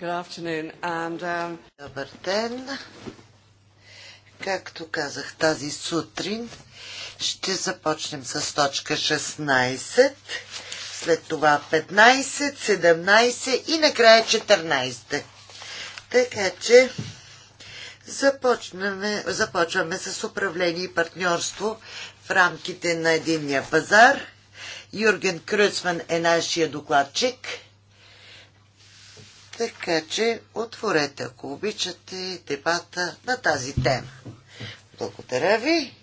Good afternoon and, um... Добър ден. Както казах тази сутрин, ще започнем с точка 16, след това 15, 17 и накрая 14. Така че започваме, започваме с управление и партньорство в рамките на единния пазар – Юрген Кръцман е нашия докладчик. Така че отворете, ако обичате, дебата на тази тема. Благодаря ви.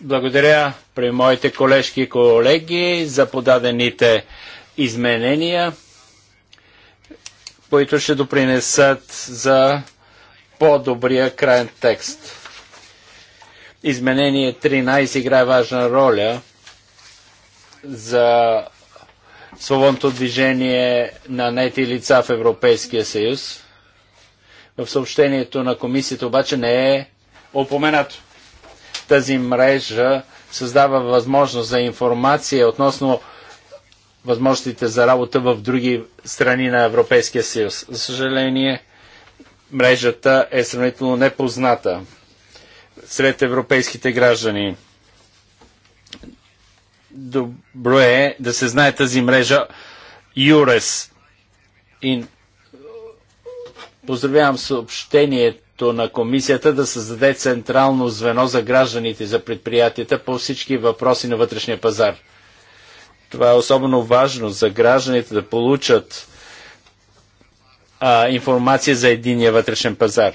Благодаря при моите колежки и колеги за подадените изменения, които ще допринесат за по-добрия крайен текст. Изменение 13 играе важна роля за свободното движение на нети лица в Европейския съюз. В съобщението на комисията обаче не е опоменато. Тази мрежа създава възможност за информация относно възможностите за работа в други страни на Европейския съюз. За съжаление, мрежата е сравнително непозната сред европейските граждани. Добро е да се знае тази мрежа ЮРЕС. И поздравявам съобщението на комисията да създаде централно звено за гражданите за предприятията по всички въпроси на вътрешния пазар. Това е особено важно за гражданите да получат а, информация за единия вътрешен пазар.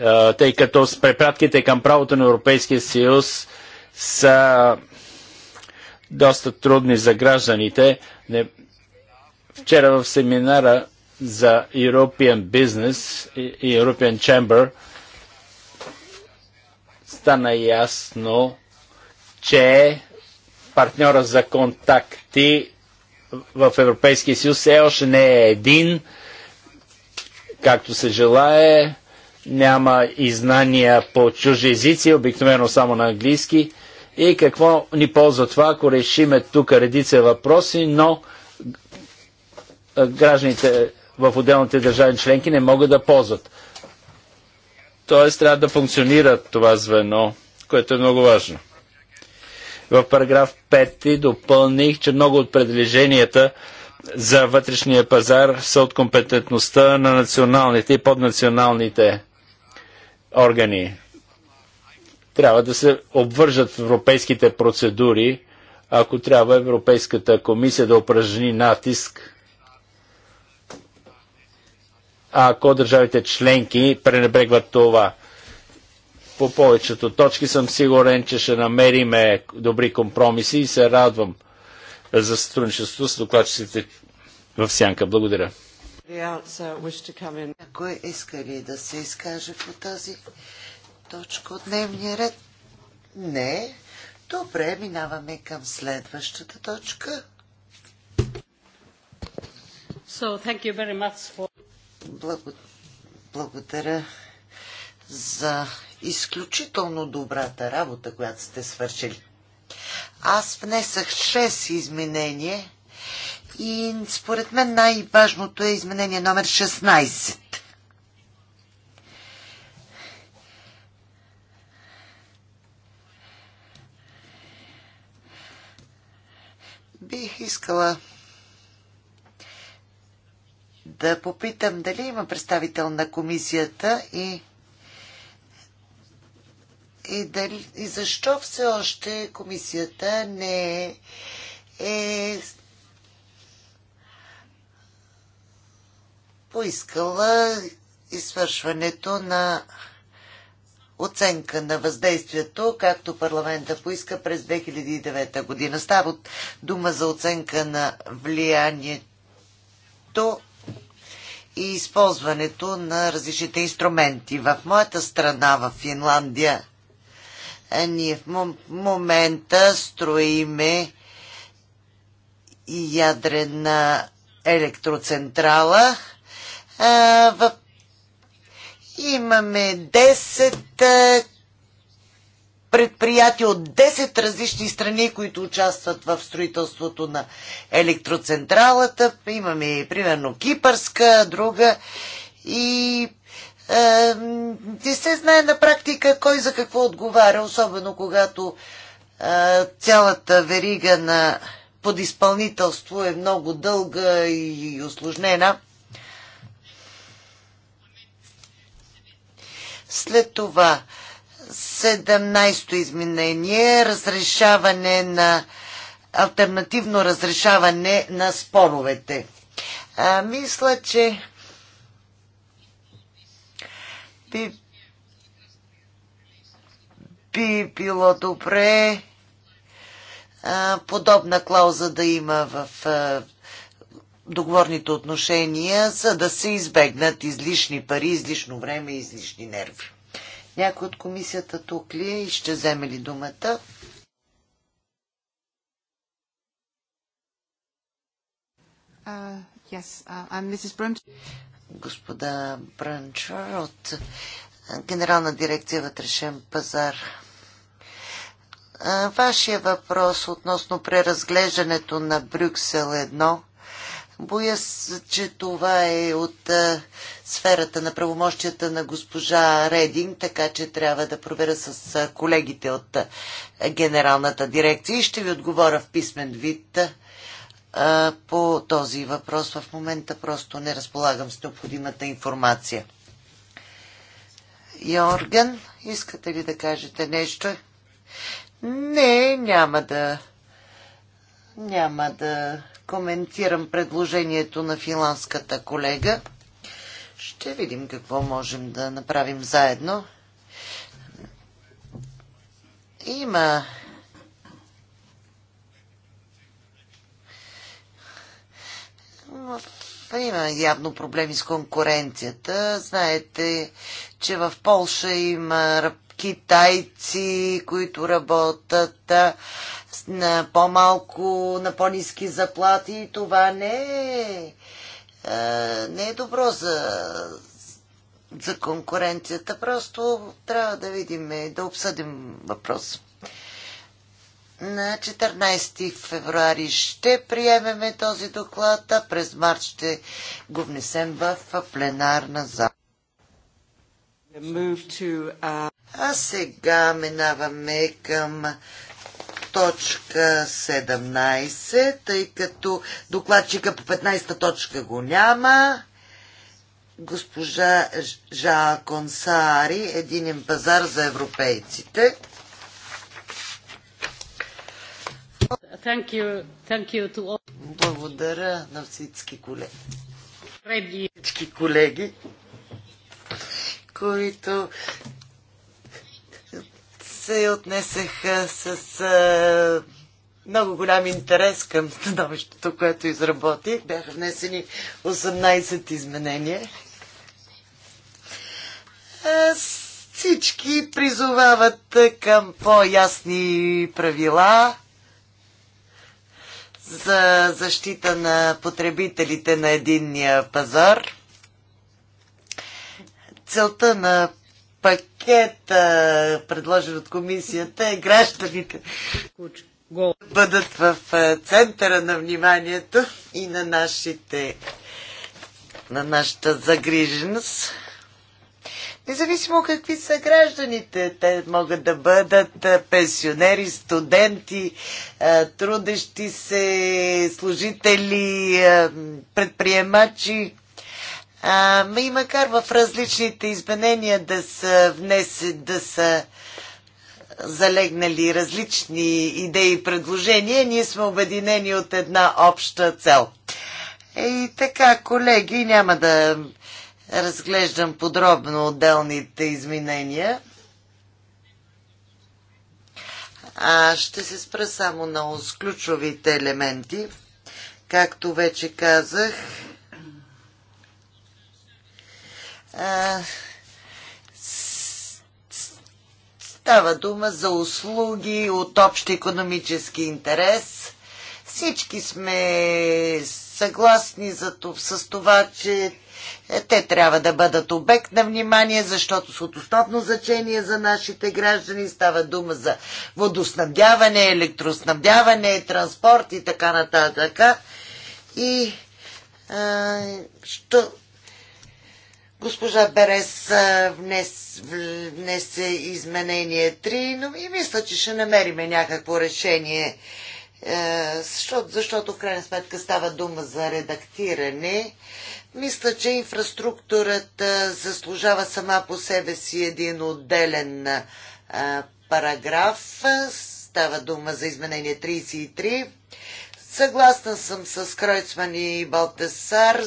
Е, тъй като с препратките към правото на Европейския съюз са доста трудни за гражданите. Не... Вчера в семинара за European Business и European Chamber стана ясно, че партньора за контакти в Европейския съюз все още не е един, както се желае няма и знания по чужди езици, обикновено само на английски. И какво ни ползва това, ако решиме тук редица въпроси, но гражданите в отделните държави членки не могат да ползват. Тоест трябва да функционира това звено, което е много важно. В параграф 5 допълних, че много от предлеженията за вътрешния пазар са от компетентността на националните и поднационалните органи. Трябва да се обвържат в европейските процедури, ако трябва Европейската комисия да упражни натиск, ако държавите членки пренебрегват това. По повечето точки съм сигурен, че ще намериме добри компромиси и се радвам за сътрудничество с докладчиците в Сянка. Благодаря. Кой иска ли да се изкаже по тази точка от дневния ред? Не. Добре, минаваме към следващата точка. So, thank you very much for... Благо... Благодаря за изключително добрата работа, която сте свършили. Аз внесах 6 изменения и според мен най-важното е изменение номер 16. Бих искала да попитам дали има представител на комисията и, и, дали, и защо все още комисията не е, е поискала извършването на оценка на въздействието, както парламента поиска през 2009 година. Става дума за оценка на влиянието и използването на различните инструменти. В моята страна, в Финландия, е, ние в момента строиме ядрена електроцентрала – в... Имаме 10 предприятия от 10 различни страни, които участват в строителството на електроцентралата. Имаме примерно кипърска, друга и не се знае на практика кой за какво отговаря, особено когато цялата верига на подизпълнителство е много дълга и осложнена. След това 17-то изменение разрешаване на альтернативно разрешаване на споровете. А, мисля, че би, би било добре а, подобна клауза да има в а, договорните отношения, за да се избегнат излишни пари, излишно време и излишни нерви. Някой от комисията тук ли е и ще вземе ли думата? Uh, yes, uh, Господа Бранчар от Генерална дирекция вътрешен пазар. Uh, вашия въпрос относно преразглеждането на Брюксел Боя се, че това е от а, сферата на правомощията на госпожа Редин, така че трябва да проверя с а, колегите от а, генералната дирекция и ще ви отговоря в писмен вид а, по този въпрос. В момента просто не разполагам с необходимата информация. Йорген, искате ли да кажете нещо? Не, няма да. Няма да коментирам предложението на финландската колега. Ще видим какво можем да направим заедно. Има има явно проблеми с конкуренцията. Знаете, че в Полша има китайци, които работят на по-малко, на по-низки заплати. Това не е, не е добро за, за конкуренцията. Просто трябва да видим, да обсъдим въпрос. На 14 февруари ще приемеме този доклад, а през март ще го внесем в пленарна зала. Uh, а сега минаваме към точка 17, тъй като докладчика по 15-та точка го няма. Госпожа Жа Консари, Единен пазар за европейците. Thank you. Thank you to all. Благодаря на всички колеги. Всички колеги, които се отнесеха с а, много голям интерес към становището, което изработих. Бяха внесени 18 изменения. А, всички призовават към по-ясни правила за защита на потребителите на единния пазар. Целта на пакет, предложен от комисията, гражданите бъдат в е, центъра на вниманието и на нашите на нашата загриженост. Независимо какви са гражданите, те могат да бъдат е, пенсионери, студенти, е, трудещи се, служители, предприемачи, а, и макар в различните изменения да са, внесе, да са залегнали различни идеи и предложения, ние сме обединени от една обща цел. Е, и така, колеги, няма да разглеждам подробно отделните изменения. А ще се спра само на ключовите елементи. Както вече казах, става дума за услуги от общ економически интерес. Всички сме съгласни за, с това, че е, те трябва да бъдат обект на внимание, защото са от основно значение за нашите граждани. Става дума за водоснабдяване, електроснабдяване, транспорт и така нататък. И а, що, Госпожа Берес внес, внесе изменение 3, но и мисля, че ще намериме някакво решение, е, защото, защото в крайна сметка става дума за редактиране. Мисля, че инфраструктурата заслужава сама по себе си един отделен е, параграф. Става дума за изменение 33. Съгласна съм с Кройцман и Балтесар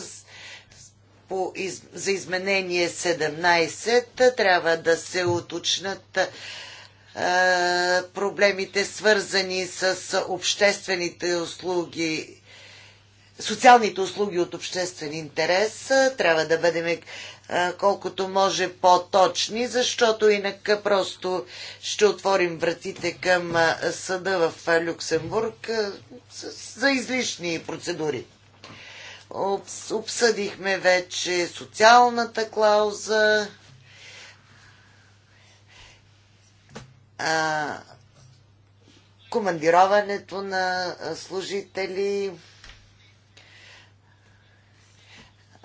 по, из, за изменение 17 трябва да се уточнат проблемите свързани с обществените услуги, социалните услуги от обществен интерес. Трябва да бъдем колкото може по-точни, защото инак просто ще отворим вратите към съда в Люксембург за излишни процедури. Обсъдихме вече социалната клауза. А, командироването на служители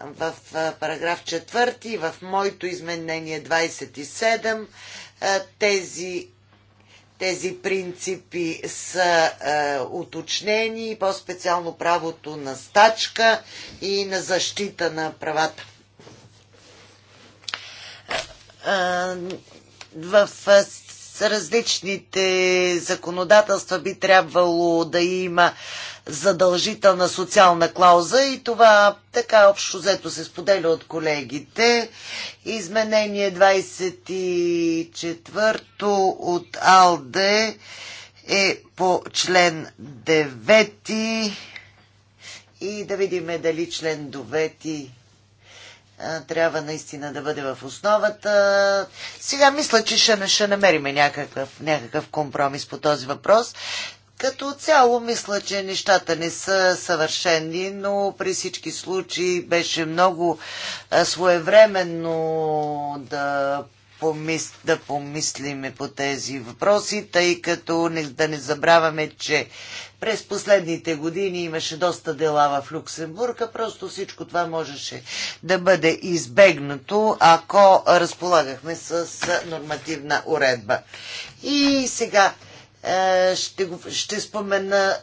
в параграф 4 и в моето изменение 27 тези тези принципи са е, уточнени, по-специално правото на стачка и на защита на правата. Е, е, в е, различните законодателства би трябвало да има задължителна социална клауза и това така общо взето се споделя от колегите. Изменение 24 от АЛДЕ е по член 9 и да видим дали член 9 трябва наистина да бъде в основата. Сега мисля, че ще, ще намерим някакъв, някакъв компромис по този въпрос. Като цяло мисля, че нещата не са съвършени, но при всички случаи беше много своевременно да, да помислиме по тези въпроси, тъй като не, да не забравяме, че през последните години имаше доста дела в Люксембург, а просто всичко това можеше да бъде избегнато, ако разполагахме с нормативна уредба. И сега е, ще, го, ще спомена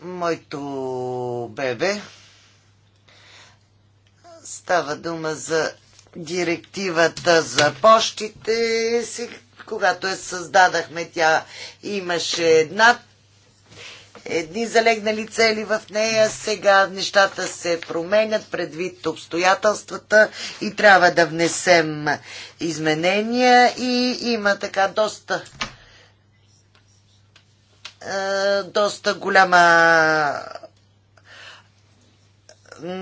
моето бебе. Става дума за директивата за почтите. Когато я създадахме, тя имаше една едни залегнали цели в нея. Сега нещата се променят предвид обстоятелствата и трябва да внесем изменения и има така доста е, доста голяма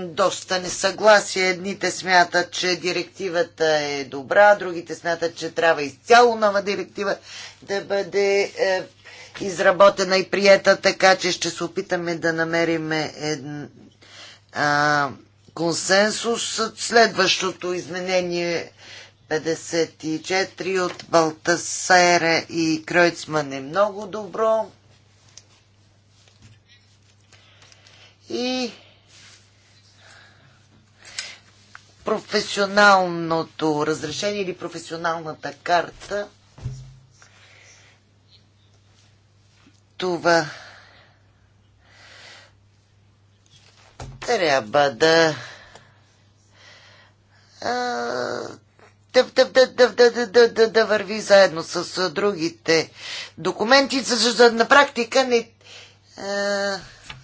доста несъгласие. Едните смятат, че директивата е добра, другите смятат, че трябва изцяло нова директива да бъде е, изработена и приета, така че ще се опитаме да намерим един, а, консенсус. Следващото изменение 54 е от Балтасере и Кройцман е много добро. И професионалното разрешение или професионалната карта – това трябва да да, да, да, да, да, да, да, да върви заедно с другите документи, за на практика не...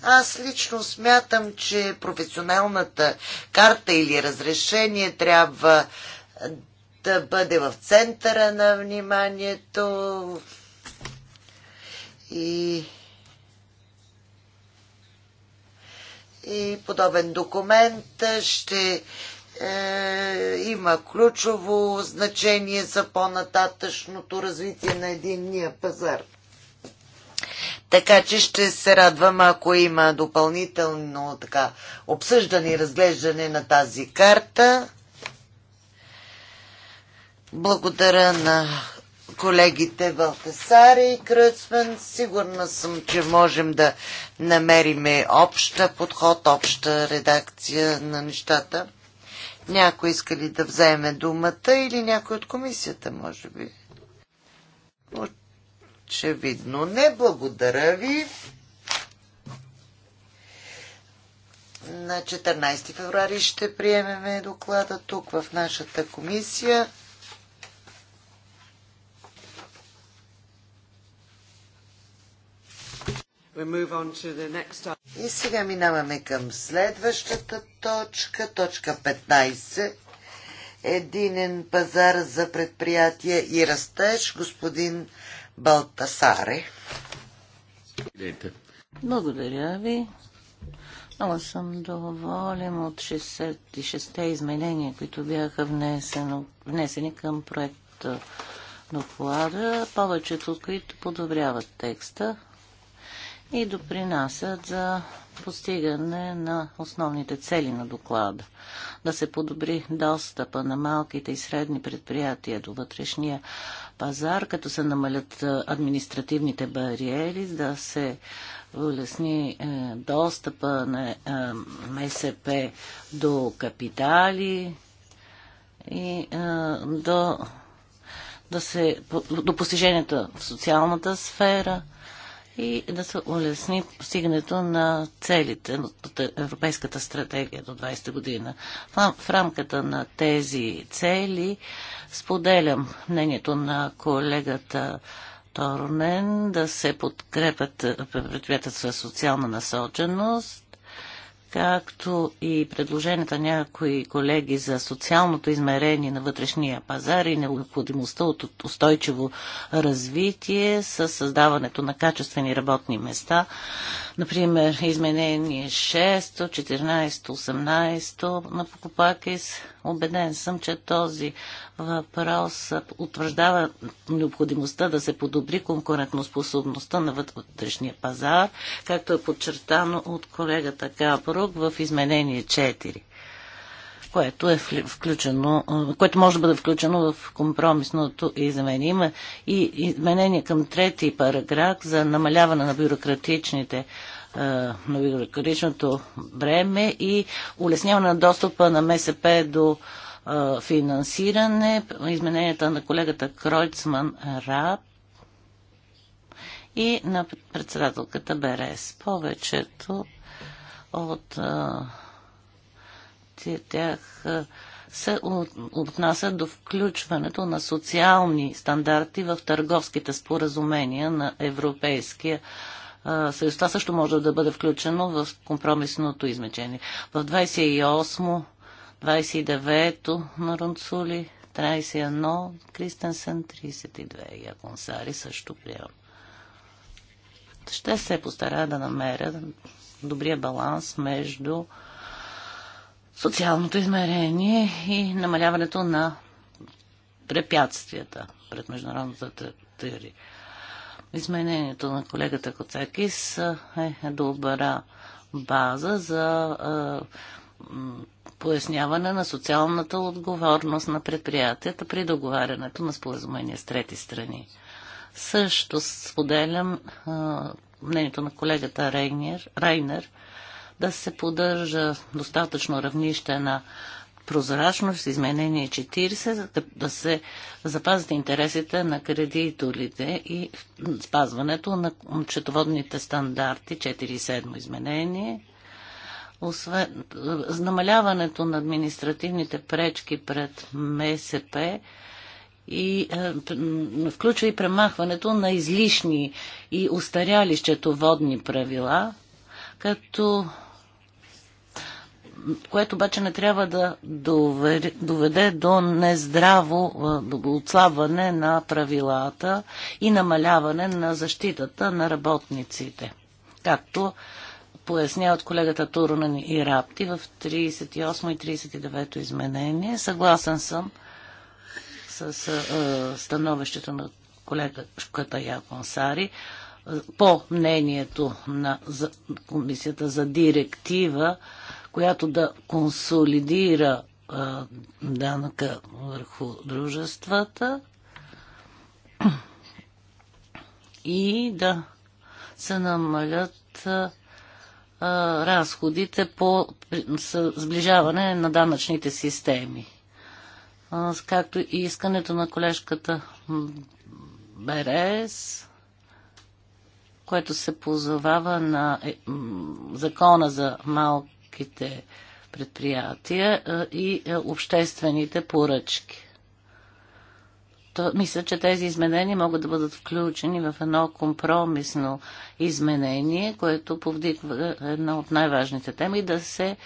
Аз лично смятам, че професионалната карта или разрешение трябва да бъде в центъра на вниманието, и и подобен документ ще е, има ключово значение за по-нататъчното развитие на единния пазар. Така че ще се радвам, ако има допълнително така, обсъждане и разглеждане на тази карта. Благодаря на колегите Валтасари и Кръцмен, Сигурна съм, че можем да намерим обща подход, обща редакция на нещата. Някой иска ли да вземе думата или някой от комисията, може би? Очевидно не. Благодаря ви. На 14 феврари ще приемеме доклада тук в нашата комисия. И сега минаваме към следващата точка, точка 15. Единен пазар за предприятия и растеж, господин Балтасаре. Благодаря ви. Много съм доволен от 66-те изменения, които бяха внесено, внесени към проекта доклада, повечето от които подобряват текста и допринасят за постигане на основните цели на доклада. Да се подобри достъпа на малките и средни предприятия до вътрешния пазар, като се намалят е, административните бариери, да се улесни е, достъпа на е, МСП до капитали и до, да се, до постиженията в социалната сфера – и да се улесни постигането на целите от Европейската стратегия до 20 година. В рамката на тези цели споделям мнението на колегата Торнен да се подкрепят предприятията с социална насоченост, както и предложенията някои колеги за социалното измерение на вътрешния пазар и необходимостта от устойчиво развитие с създаването на качествени работни места Например, изменение 6, 14, 18 на Покупакис. Обеден съм, че този въпрос утвърждава необходимостта да се подобри конкурентноспособността на вътрешния пазар, както е подчертано от колегата Капрук в изменение 4 което е включено, което може да бъде включено в компромисното изменение. Има и изменение към трети параграф за намаляване на бюрократичните на бюрократичното бреме и улесняване на достъпа на МСП до финансиране, измененията на колегата Кройцман Раб и на председателката Берес. Повечето от тях се отнасят до включването на социални стандарти в търговските споразумения на Европейския съюз. Това също може да бъде включено в компромисното измечение. В 28, 29 на Рунцули, 31 Кристенсен, 32 Яконсари също приема. Ще се постара да намеря добрия баланс между социалното измерение и намаляването на препятствията пред международната теория. Изменението на колегата Коцакис е, е добра база за поясняване на социалната отговорност на предприятията при договарянето на споразумения с трети страни. Също споделям мнението на колегата Рейнер, Райнер да се поддържа достатъчно равнище на прозрачност, изменение 40, за да, да се запазят интересите на кредиторите и спазването на четоводните стандарти 4.7 изменение. Освен, намаляването на административните пречки пред МСП и е, включва и премахването на излишни и устаряли счетоводни правила, като което обаче не трябва да доведе, доведе до нездраво отслабване на правилата и намаляване на защитата на работниците. Както поясняват колегата Турунен и Рапти в 38 и 39 изменение. Съгласен съм с е, становището на колегата Якон Сари по мнението на за, комисията за директива която да консолидира а, данъка върху дружествата и да се намалят а, разходите по сближаване на данъчните системи. А, както и искането на колежката Берес, което се позовава на е, закона за малко малките предприятия и обществените поръчки. То, мисля, че тези изменения могат да бъдат включени в едно компромисно изменение, което повдигва е, една от най-важните теми да се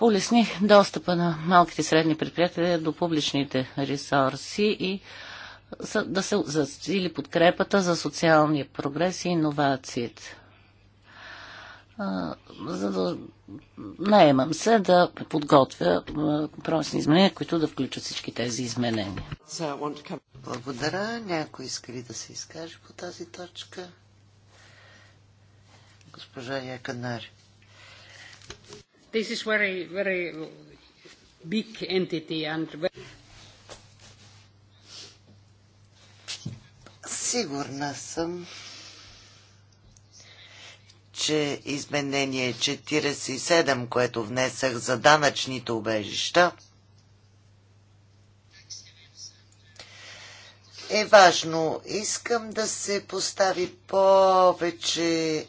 улесни достъпа на малките и средни предприятия до публичните ресурси и да се засили подкрепата за социалния прогрес и иновациите за да наемам се да подготвя компромисни изменения, които да включат всички тези изменения. Благодаря. Някой иска ли да се изкаже по тази точка? Госпожа Яканар. This is very, very big entity and Сигурна съм, че изменение 47, което внесах за данъчните убежища, е важно. Искам да се постави повече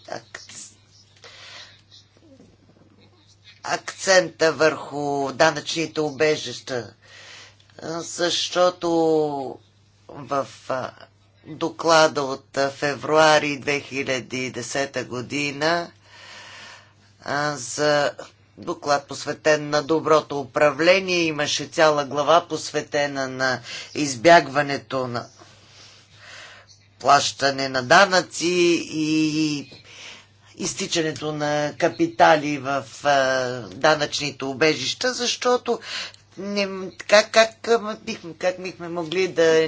акцента върху данъчните убежища, защото в доклада от февруари 2010 година за доклад посветен на доброто управление. Имаше цяла глава посветена на избягването на плащане на данъци и изтичането на капитали в данъчните убежища, защото не, как, как, бихме, как бихме могли да,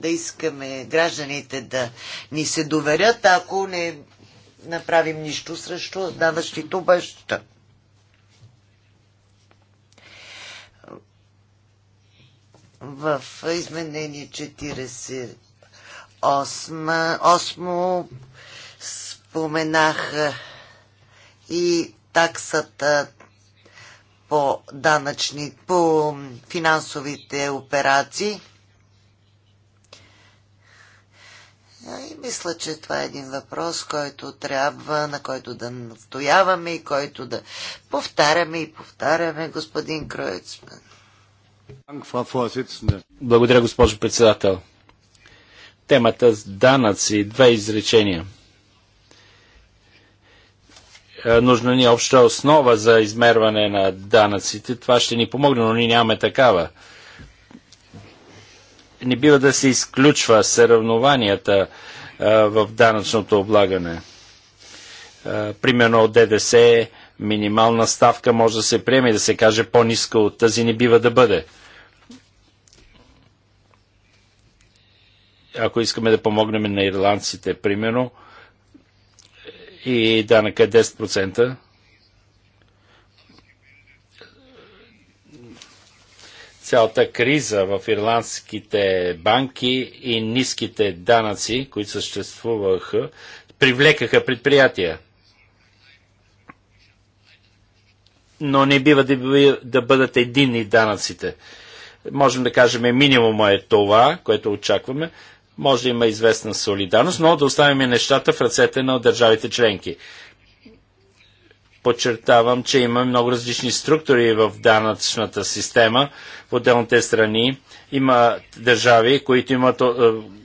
да искаме гражданите да ни се доверят, ако не направим нищо срещу даващите обещата? В изменение 48 споменах и таксата по данъчни, по финансовите операции. И мисля, че това е един въпрос, който трябва, на който да настояваме и който да повтаряме и повтаряме, господин Кройцман. Благодаря, госпожо председател. Темата с данъци, две изречения – е, нужна ни обща основа за измерване на данъците. Това ще ни помогне, но ние нямаме такава. Не бива да се изключва съравнованията е, в данъчното облагане. Е, примерно от ДДС минимална ставка може да се приеме и да се каже по-ниска от тази не бива да бъде. Ако искаме да помогнем на ирландците, примерно, и данъка е 10%. Цялата криза в ирландските банки и ниските данъци, които съществуваха, привлекаха предприятия. Но не бива да бъдат единни данъците можем да кажем минимума е това, което очакваме, може да има известна солидарност, но да оставим нещата в ръцете на държавите членки. Подчертавам, че има много различни структури в данъчната система в отделните страни. Има държави, които имат е,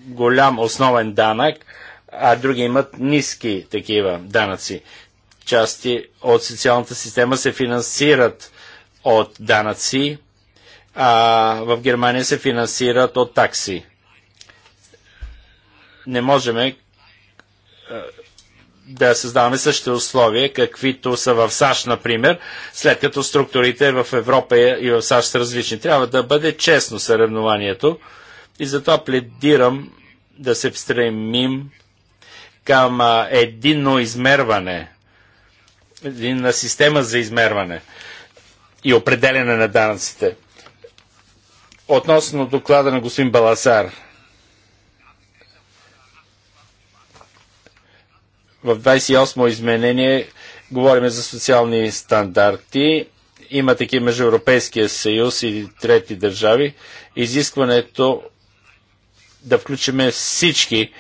голям основен данък, а други имат ниски такива данъци. Части от социалната система се финансират от данъци, а в Германия се финансират от такси не можем е, да създаваме същите условия, каквито са в САЩ, например, след като структурите в Европа и в САЩ са различни. Трябва да бъде честно съревнованието и затова пледирам да се стремим към единно измерване, единна система за измерване и определяне на данъците. Относно доклада на господин Баласар – В 28 изменение говорим за социални стандарти. Има такива между Европейския съюз и трети държави. Изискването да включиме всички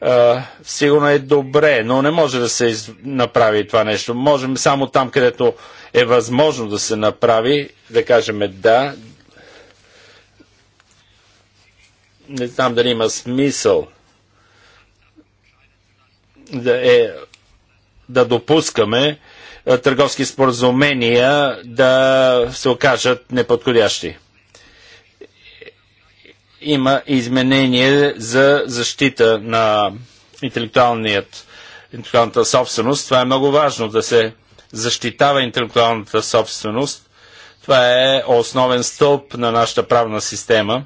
а, сигурно е добре, но не може да се из... направи това нещо. Можем само там, където е възможно да се направи, да кажем да. Не знам дали има смисъл да, е, да допускаме търговски споразумения да се окажат неподходящи. Има изменение за защита на интелектуалният, интелектуалната собственост. Това е много важно да се защитава интелектуалната собственост. Това е основен стълб на нашата правна система.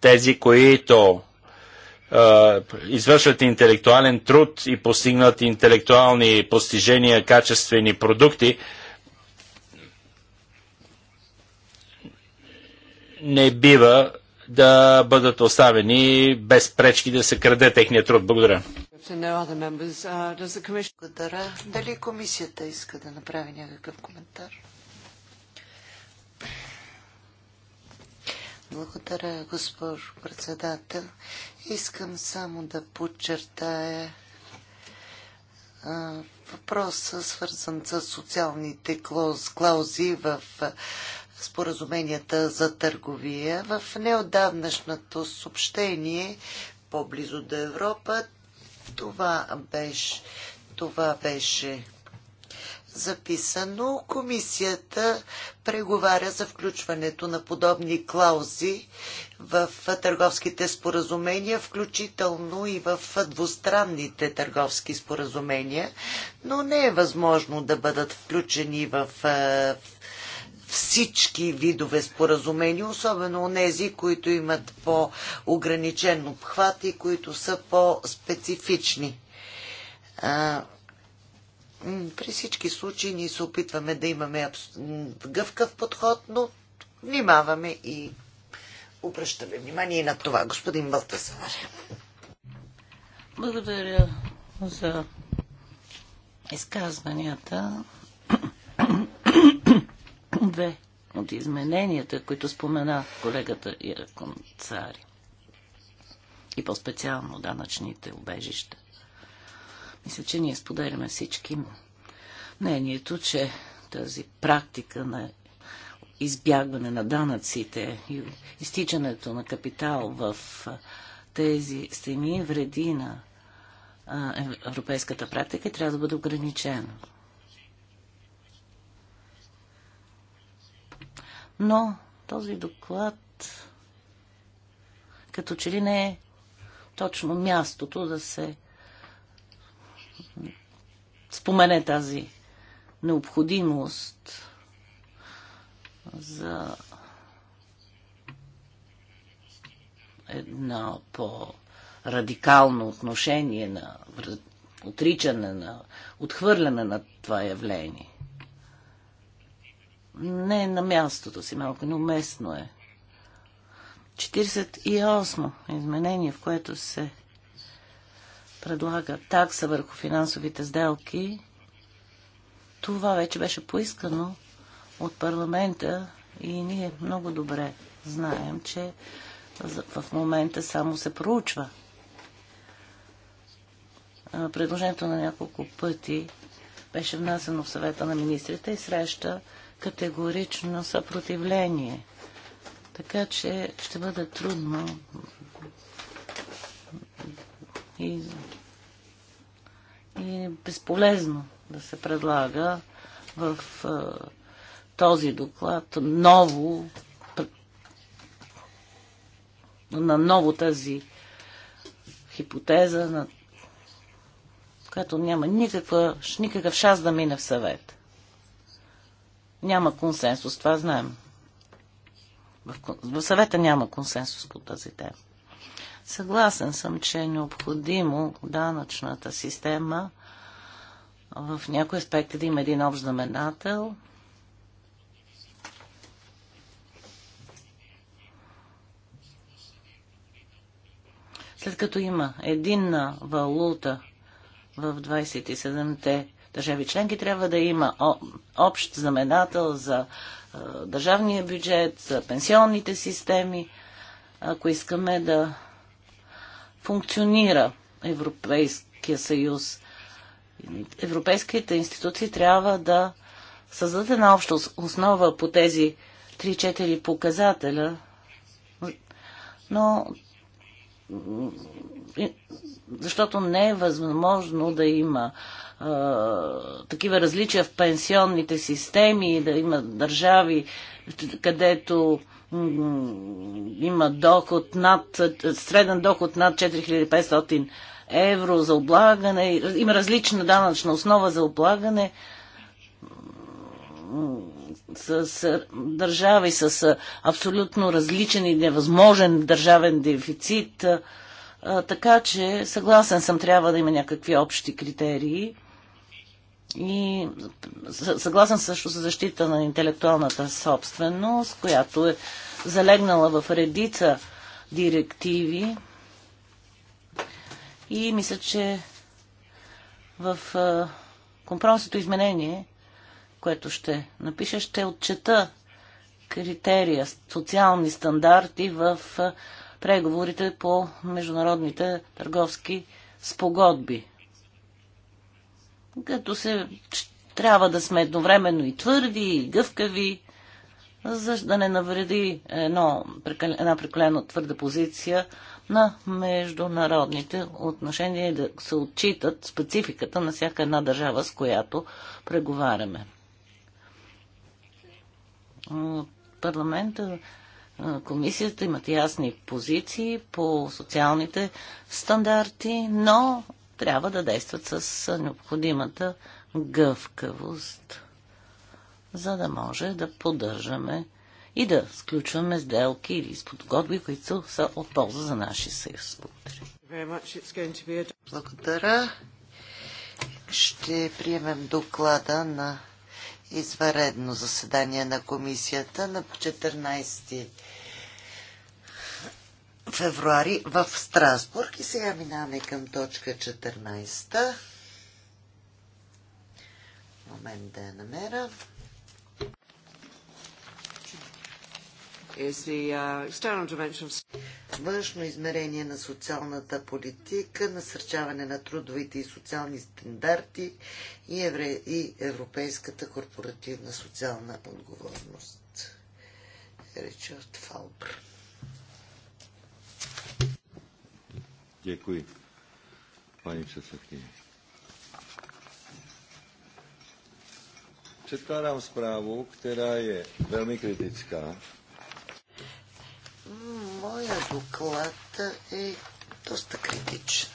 Тези, които извършват интелектуален труд и постигнат интелектуални постижения, качествени продукти, не бива да бъдат оставени без пречки да се краде техния труд. Благодаря. Благодаря. Дали комисията иска да направи някакъв коментар? Благодаря, госпожо председател. Искам само да подчертая въпроса, свързан с социалните клаузи в споразуменията за търговия. В неодавнашното съобщение по-близо до Европа това беше, това беше записано, комисията преговаря за включването на подобни клаузи в търговските споразумения, включително и в двустранните търговски споразумения, но не е възможно да бъдат включени в всички видове споразумения, особено тези, които имат по-ограничен обхват и които са по-специфични. При всички случаи ние се опитваме да имаме гъвкав подход, но внимаваме и обръщаме внимание на това, господин Балтасар. Благодаря за изказванията. Две от измененията, които спомена колегата Иракон Цари. И по-специално данъчните убежища. Мисля, че ние споделяме всички мнението, че тази практика на избягване на данъците и изтичането на капитал в тези страни вреди на европейската практика и трябва да бъде ограничено. Но този доклад като че ли не е точно мястото да се спомене тази необходимост за едно по-радикално отношение на отричане на, отхвърляне на това явление. Не е на мястото си, малко неуместно е. 48 изменение, в което се предлага такса върху финансовите сделки. Това вече беше поискано от парламента и ние много добре знаем, че в момента само се проучва. Предложението на няколко пъти беше внасено в съвета на министрите и среща категорично съпротивление. Така че ще бъде трудно и, и безполезно да се предлага в а, този доклад ново на ново тази хипотеза, на която няма никаква, никакъв шанс да мине в съвет. Няма консенсус, това знаем. В, в съвета няма консенсус по тази тема. Съгласен съм, че е необходимо данъчната система в някои аспекти да има един общ знаменател. След като има единна валута в 27-те държави членки, трябва да има общ знаменател за е, държавния бюджет, за пенсионните системи, ако искаме да функционира Европейския съюз. Европейските институции трябва да създадат една обща основа по тези 3-4 показателя, но защото не е възможно да има а, такива различия в пенсионните системи, да има държави, където има доход над, среден доход над 4500 евро за облагане, има различна данъчна основа за облагане с, с държави с абсолютно различен и невъзможен държавен дефицит. Така че съгласен съм, трябва да има някакви общи критерии. И съгласен също с защита на интелектуалната собственост, която е залегнала в редица директиви и мисля, че в компромисното изменение, което ще напиша, ще отчета критерия, социални стандарти в преговорите по международните търговски спогодби. Като се трябва да сме едновременно и твърди, и гъвкави, за да не навреди едно, една прекалено твърда позиция на международните отношения и да се отчитат спецификата на всяка една държава, с която преговаряме. Парламента, комисията имат ясни позиции по социалните стандарти, но трябва да действат с необходимата гъвкавост за да може да поддържаме и да сключваме сделки или сподготби, които са от полза за нашия съюз. Благодаря. Благодаря. Ще приемем доклада на изваредно заседание на комисията на 14 февруари в Страсбург. И сега минаваме към точка 14. Момент да я намеря. Uh, Външно измерение на социалната политика, насърчаване на трудовите и социални стандарти и, европейската корпоративна социална отговорност. Ричард Фалбр. Дякую. paní předsedkyně. Předkládám zprávu, která je velmi kritická на доклад е доста критичен.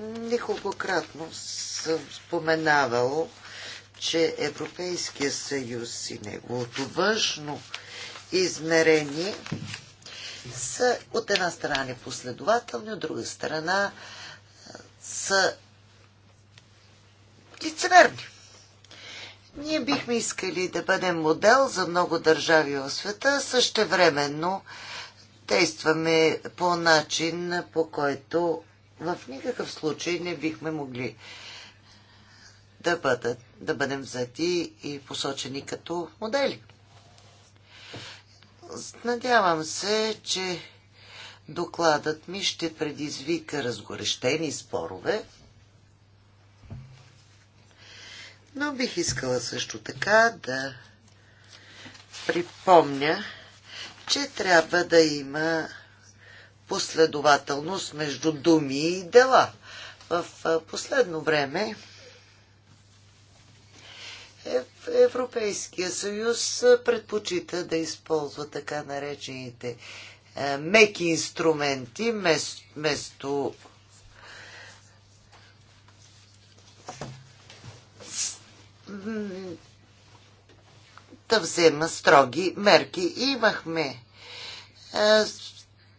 Неколкократно съм споменавал, че Европейския съюз и неговото външно измерение са от една страна непоследователни, от друга страна са лицемерни. Ние бихме искали да бъдем модел за много държави в света, същевременно действаме по начин, по който в никакъв случай не бихме могли да, бъдат, да бъдем взети и посочени като модели. Надявам се, че докладът ми ще предизвика разгорещени спорове Но бих искала също така да припомня, че трябва да има последователност между думи и дела. В последно време Европейския съюз предпочита да използва така наречените меки инструменти, вместо да взема строги мерки. Имахме е,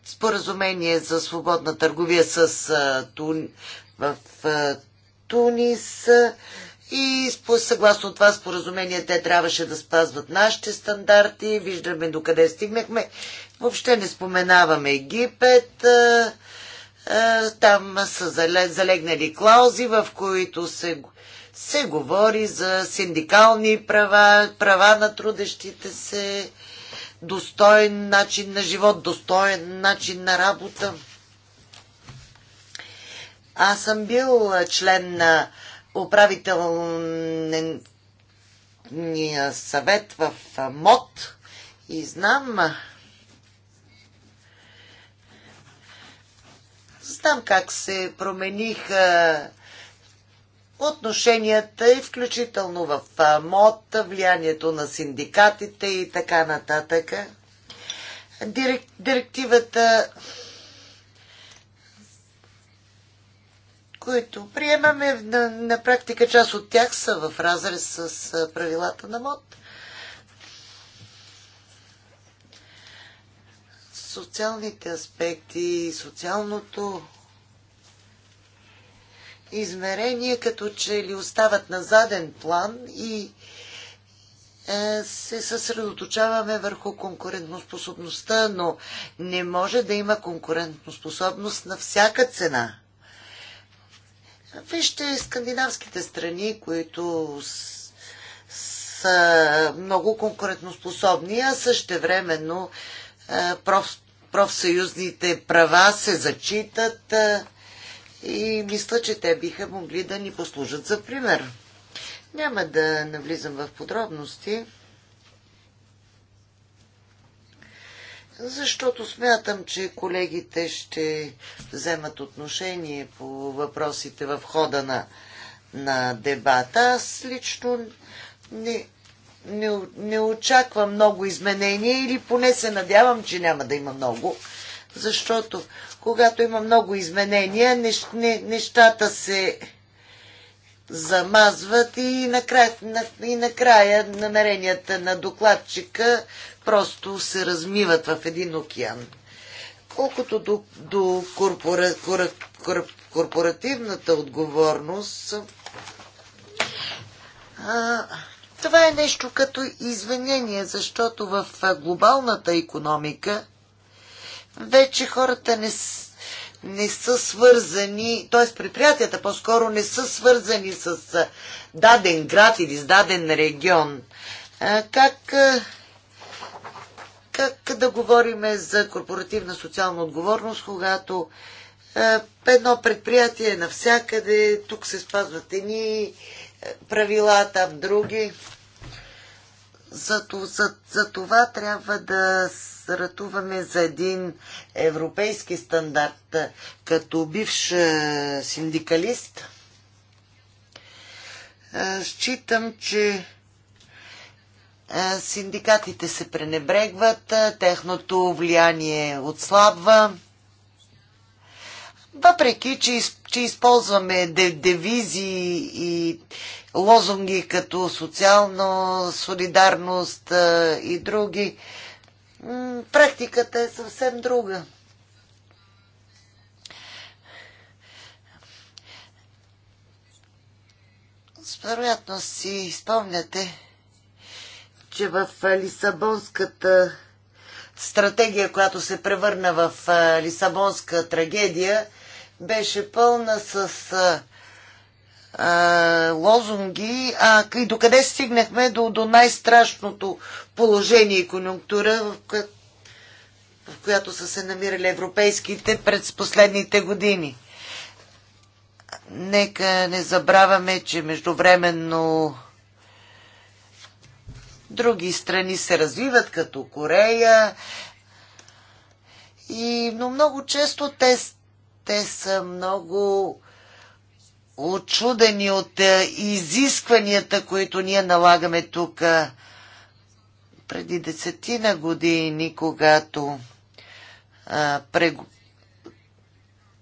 споразумение за свободна търговия с, е, Тун, в е, Тунис и съгласно това споразумение те трябваше да спазват нашите стандарти. Виждаме докъде стигнахме. Въобще не споменаваме Египет. Е, е, там са залегнали клаузи, в които се се говори за синдикални права, права на трудещите се, достоен начин на живот, достоен начин на работа. Аз съм бил член на управителния съвет в МОД и знам знам как се промениха отношенията и включително в МОД, влиянието на синдикатите и така нататък. Директивата, които приемаме, на, на практика част от тях са в разрез с правилата на МОД. Социалните аспекти, социалното измерения като че ли остават на заден план и е, се съсредоточаваме върху конкурентоспособността, но не може да има конкурентоспособност на всяка цена. Вижте скандинавските страни, които са много конкурентоспособни, а също времено е, профсъюзните права се зачитат е, и мисля, че те биха могли да ни послужат за пример. Няма да навлизам в подробности, защото смятам, че колегите ще вземат отношение по въпросите в хода на, на дебата. Аз лично не, не, не очаквам много изменения или поне се надявам, че няма да има много, защото когато има много изменения, нещата се замазват и накрая, и накрая намеренията на докладчика просто се размиват в един океан. Колкото до, до корпора, кор, кор, корпоративната отговорност, а, това е нещо като извинение, защото в глобалната економика вече хората не, не са свързани, т.е. предприятията по-скоро не са свързани с даден град или с даден регион. Как, как да говорим за корпоративна социална отговорност, когато едно предприятие е навсякъде, тук се спазват едни правила, там други за, за, за това трябва да ратуваме за един европейски стандарт. Като бивш синдикалист, считам, че синдикатите се пренебрегват, техното влияние отслабва въпреки, че, че използваме девизи и лозунги като социална солидарност и други, практиката е съвсем друга. С вероятност си спомняте, че в Лисабонската стратегия, която се превърна в Лисабонска трагедия, беше пълна с а, лозунги, а и докъде стигнахме до, до най-страшното положение и конюнктура, в, в която са се намирали европейските през последните години. Нека не забравяме, че междувременно други страни се развиват, като Корея, и, но много често те, те са много очудени от е, изискванията, които ние налагаме тук е, преди десетина години, когато а, е, прег...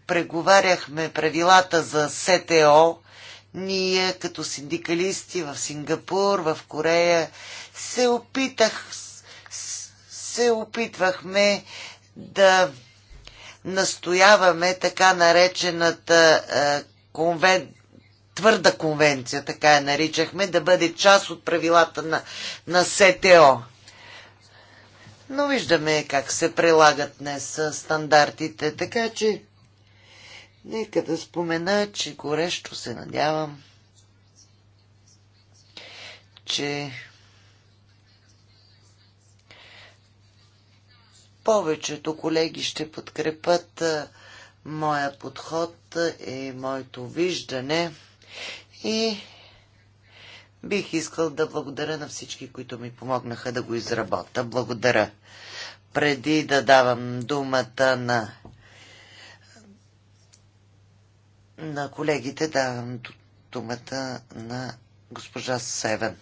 преговаряхме правилата за СТО, ние като синдикалисти в Сингапур, в Корея, се опитах, се опитвахме да настояваме така наречената е, конвен... твърда конвенция, така я наричахме, да бъде част от правилата на, на СТО. Но виждаме как се прилагат днес е, стандартите, така че нека да спомена, че горещо се надявам, че повечето колеги ще подкрепат моя подход и моето виждане и бих искал да благодаря на всички, които ми помогнаха да го изработа. Благодаря. Преди да давам думата на на колегите, давам думата на госпожа Севен.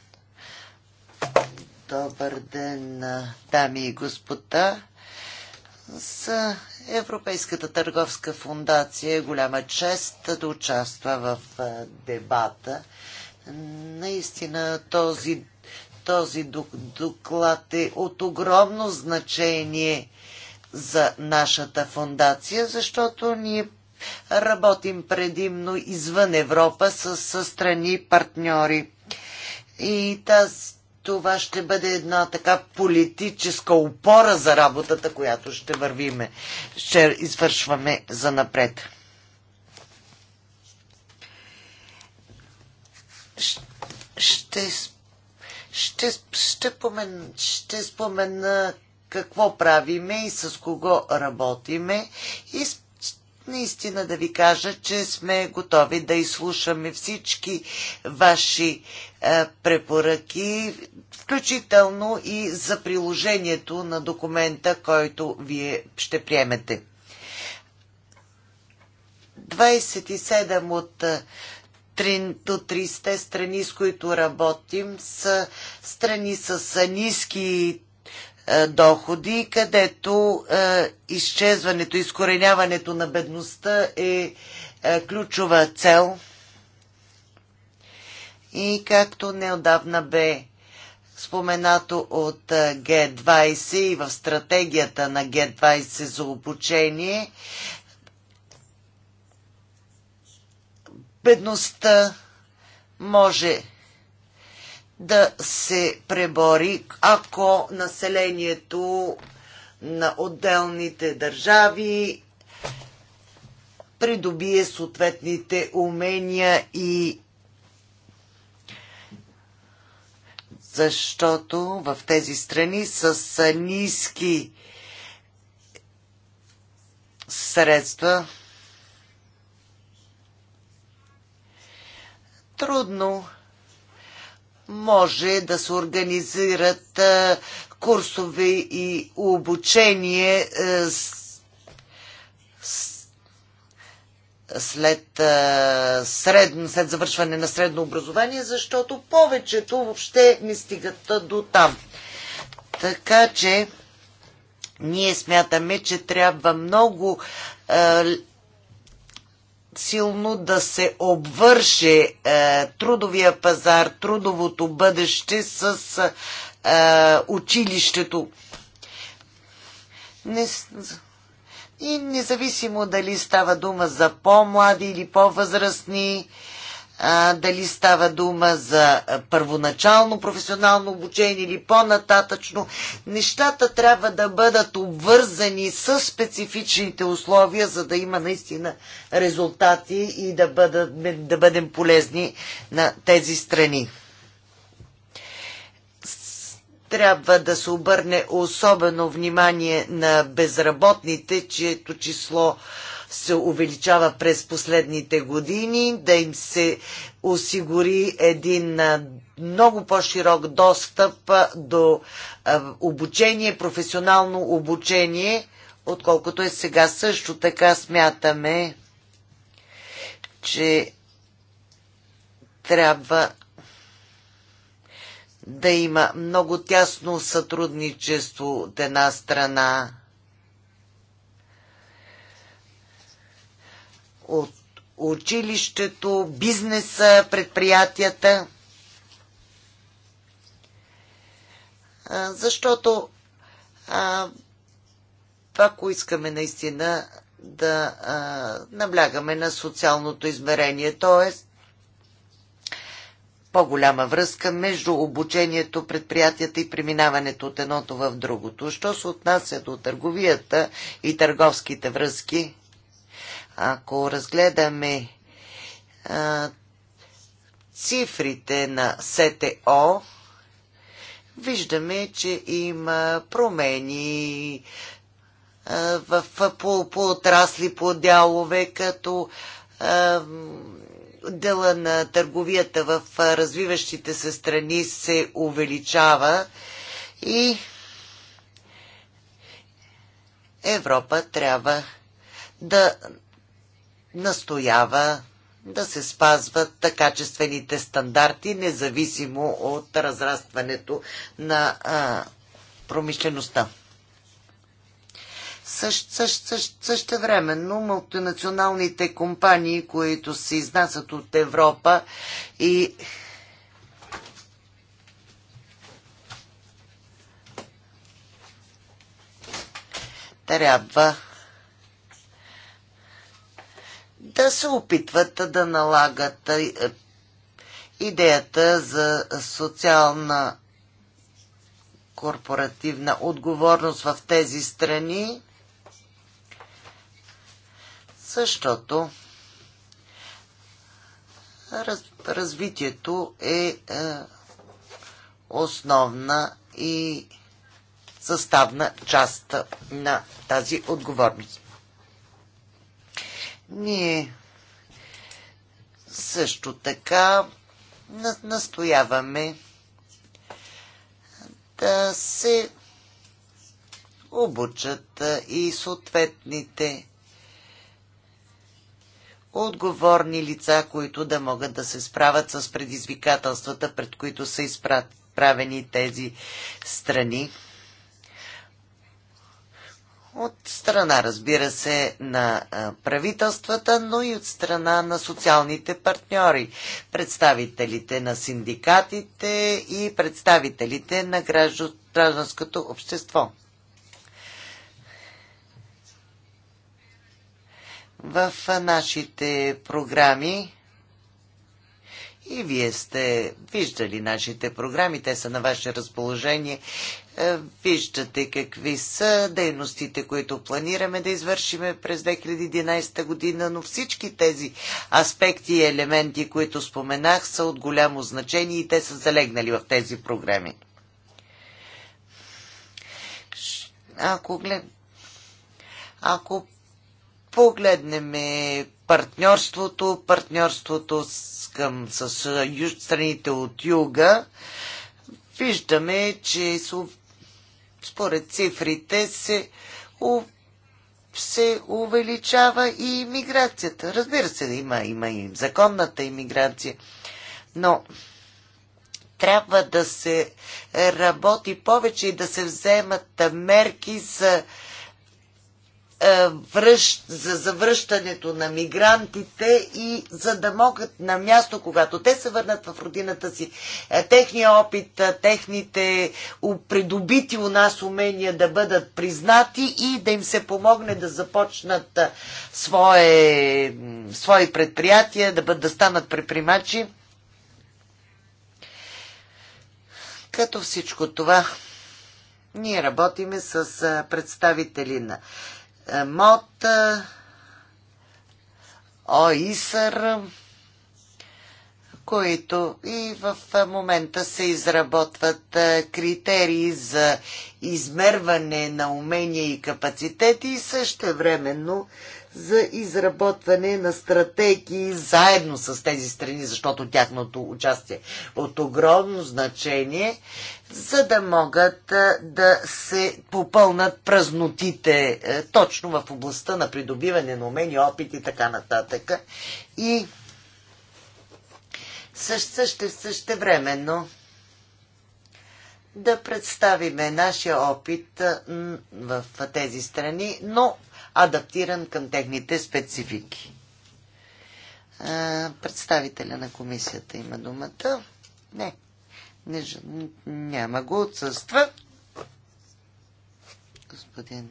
Добър ден, дами и господа. За Европейската търговска фундация е голяма чест да участва в дебата. Наистина този, този доклад е от огромно значение за нашата фундация, защото ние работим предимно извън Европа с, с страни партньори. И тази това ще бъде една така политическа опора за работата, която ще вървиме, ще извършваме за напред. Ще, ще, ще, помен, ще спомена какво правиме и с кого работиме и наистина да ви кажа, че сме готови да изслушаме всички ваши е, препоръки, включително и за приложението на документа, който вие ще приемете. 27 от е, до 30 страни, с които работим, са страни с е, ниски е, доходи, където е, изчезването, изкореняването на бедността е, е ключова цел. И както неодавна бе споменато от Г20 и в стратегията на Г20 за обучение, бедността може да се пребори, ако населението на отделните държави придобие съответните умения и защото в тези страни с ниски средства трудно може да се организират курсове и обучение след, средно, след завършване на средно образование, защото повечето въобще не стигат до там. Така че ние смятаме, че трябва много силно да се обвърше е, трудовия пазар, трудовото бъдеще с е, училището. Не, и независимо дали става дума за по-млади или по-възрастни, е, а, дали става дума за първоначално професионално обучение или по-нататъчно. Нещата трябва да бъдат обвързани с специфичните условия, за да има наистина резултати и да, бъдат, да бъдем полезни на тези страни. Трябва да се обърне особено внимание на безработните, чието число се увеличава през последните години, да им се осигури един много по-широк достъп до обучение, професионално обучение, отколкото е сега. Също така смятаме, че трябва да има много тясно сътрудничество от една страна от училището, бизнеса, предприятията. Защото а, ако искаме наистина да а, наблягаме на социалното измерение, т.е. по-голяма връзка между обучението, предприятията и преминаването от едното в другото. Що се отнася до търговията и търговските връзки? Ако разгледаме а, цифрите на СТО, виждаме, че има промени а, в, по, по отрасли, по дялове, като а, дела на търговията в развиващите се страни се увеличава и Европа трябва да настоява да се спазват качествените стандарти, независимо от разрастването на а, промишлеността. Същ, същ, същ, същевременно мултинационалните компании, които се изнасят от Европа и трябва да се опитват да налагат идеята за социална корпоративна отговорност в тези страни, защото раз, развитието е, е основна и съставна част на тази отговорност. Ние също така настояваме да се обучат и съответните отговорни лица, които да могат да се справят с предизвикателствата, пред които са изправени тези страни. От страна, разбира се, на правителствата, но и от страна на социалните партньори, представителите на синдикатите и представителите на гражданското общество. В нашите програми и вие сте виждали нашите програми, те са на ваше разположение. Е, виждате какви са дейностите, които планираме да извършиме през 2011 година, но всички тези аспекти и елементи, които споменах, са от голямо значение и те са залегнали в тези програми. Ако глед... Ако погледнем партньорството, партньорството с, към, с юж, страните от юга, виждаме, че според цифрите се, у, се увеличава и иммиграцията. Разбира се, има, има и законната иммиграция, но трябва да се работи повече и да се вземат мерки за е, връщ, за завръщането на мигрантите и за да могат на място, когато те се върнат в родината си, е, техния опит, е, техните придобити у нас умения да бъдат признати и да им се помогне да започнат свое, свои предприятия, да, бъдат, да станат предприемачи. Като всичко това, ние работиме с представители на Мот ОИСър, които и в момента се изработват критерии за измерване на умения и капацитети и също времено за изработване на стратегии заедно с тези страни, защото тяхното участие е от огромно значение, за да могат да се попълнат празнотите точно в областта на придобиване на умения, опит и така нататък. И също, също, също времено да представиме нашия опит в тези страни, но адаптиран към техните специфики. Представителя на комисията има думата. Не, не няма го, отсъства. Господин.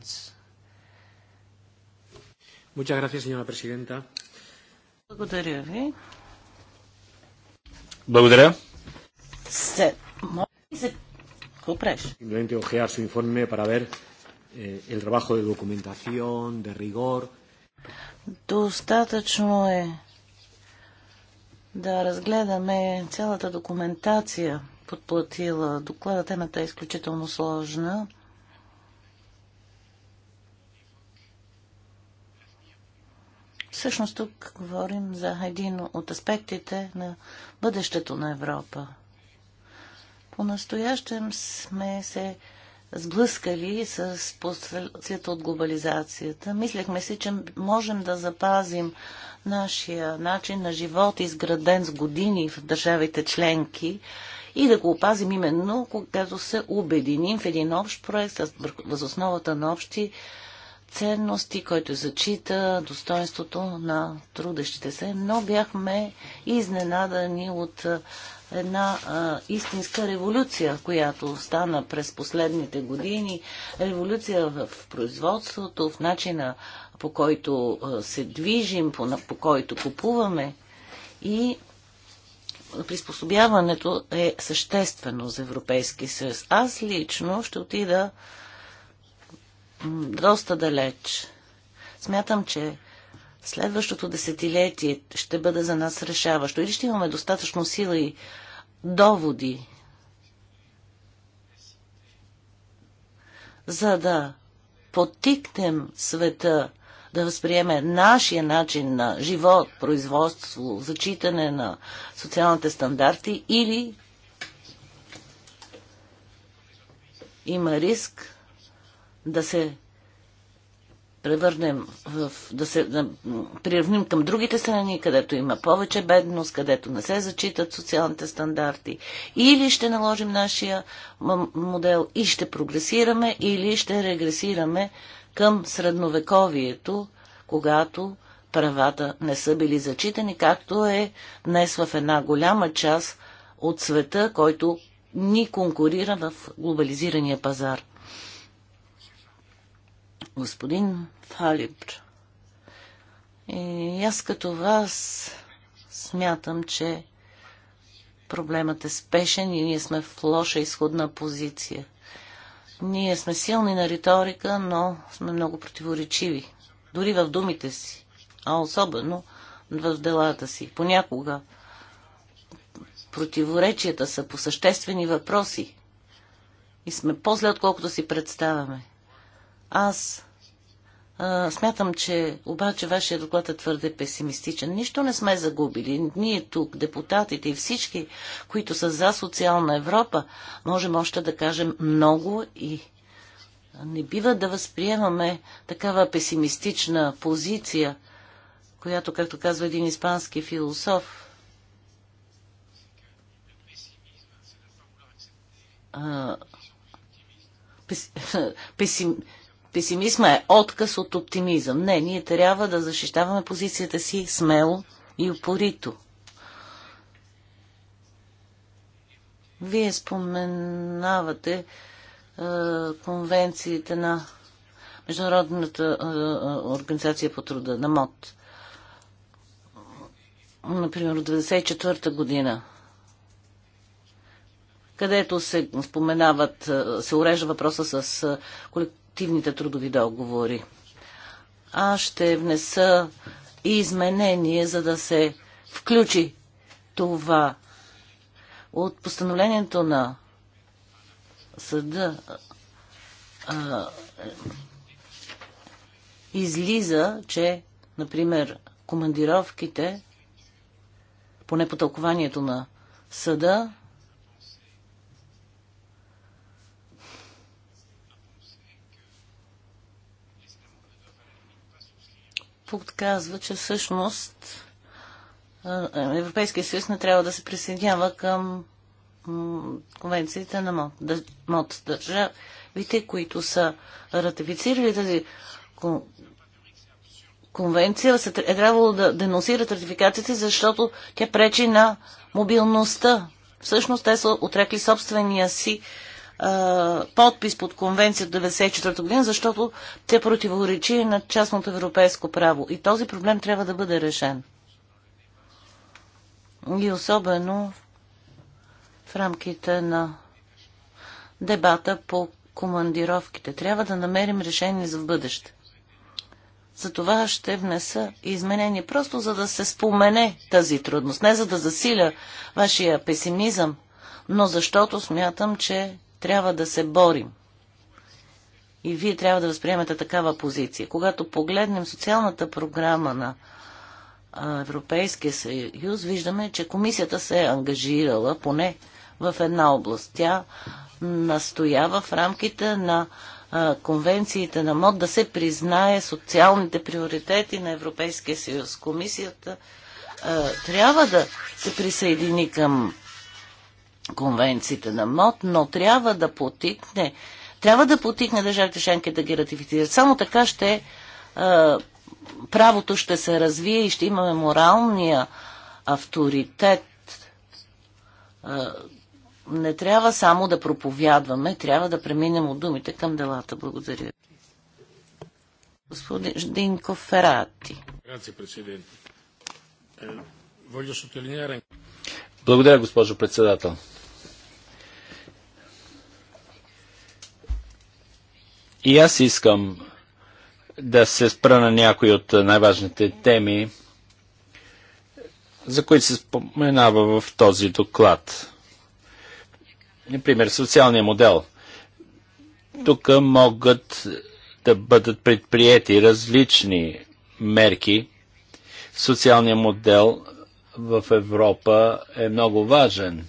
Muchas gracias, señora presidenta. Благодаря ви. Благодаря. Се, може ли се... Какво правиш? охеар ojear su informe para ver eh, el trabajo de documentación, de rigor. Достатъчно е да разгледаме цялата документация, подплатила доклада. Темата е изключително сложна. Всъщност тук говорим за един от аспектите на бъдещето на Европа. По-настоящем сме се сблъскали с последствията от глобализацията. Мислехме си, че можем да запазим нашия начин на живот, изграден с години в държавите членки и да го опазим именно, когато се обединим в един общ проект, възосновата на общи ценности, който зачита достоинството на трудещите се, но бяхме изненадани от една а, истинска революция, която стана през последните години. Революция в производството, в начина по който а, се движим, по, по който купуваме. И приспособяването е съществено за Европейски съюз. Аз лично ще отида доста далеч. Смятам, че следващото десетилетие ще бъде за нас решаващо. Или ще имаме достатъчно сила и доводи, за да потикнем света да възприеме нашия начин на живот, производство, зачитане на социалните стандарти или има риск да се превърнем в, да се да приравним към другите страни, където има повече бедност, където не се зачитат социалните стандарти. Или ще наложим нашия модел и ще прогресираме, или ще регресираме към средновековието, когато правата не са били зачитани, както е днес в една голяма част от света, който ни конкурира в глобализирания пазар господин Фалиб, И аз като вас смятам, че проблемът е спешен и ние сме в лоша изходна позиция. Ние сме силни на риторика, но сме много противоречиви. Дори в думите си, а особено в делата си. Понякога противоречията са по съществени въпроси и сме по-зле, отколкото си представяме. Аз а, смятам, че обаче вашия доклад е твърде песимистичен. Нищо не сме загубили. Ние тук, депутатите и всички, които са за социална Европа, можем още да кажем много и не бива да възприемаме такава песимистична позиция, която, както казва един испански философ, а, пес, песим, песимизма е отказ от оптимизъм. Не, ние трябва да защищаваме позицията си смело и упорито. Вие споменавате е, конвенциите на Международната е, е организация по труда, на МОД. Например, от 1994 година където се споменават, е, се урежда въпроса с е, колективните трудови договори. Аз ще внеса и изменение, за да се включи това от постановлението на съда а, излиза, че, например, командировките, поне по тълкованието на съда, подказва, че всъщност Европейския съюз не трябва да се присъединява към конвенциите на МОД. Държавите, които са ратифицирали тази конвенция, е трябвало да денонсират ратификациите, защото тя пречи на мобилността. Всъщност те са отрекли собствения си подпис под конвенция от 1994 година, защото те противоречи на частното европейско право. И този проблем трябва да бъде решен. И особено в рамките на дебата по командировките. Трябва да намерим решение за в бъдеще. За това ще внеса изменения, просто за да се спомене тази трудност. Не за да засиля вашия песимизъм, но защото смятам, че трябва да се борим. И вие трябва да възприемете такава позиция. Когато погледнем социалната програма на Европейския съюз, виждаме, че комисията се е ангажирала поне в една област. Тя настоява в рамките на конвенциите на МОД да се признае социалните приоритети на Европейския съюз. Комисията трябва да се присъедини към конвенциите на МОД, но трябва да потикне, трябва да потикне държавите членки да ги ратифицират. Само така ще е, правото ще се развие и ще имаме моралния авторитет. Е, не трябва само да проповядваме, трябва да преминем от думите към делата. Благодаря. Господин Ферати. Е, Благодаря, госпожо председател. И аз искам да се спра на някои от най-важните теми, за които се споменава в този доклад. Например, социалния модел. Тук могат да бъдат предприяти различни мерки. Социалният модел в Европа е много важен.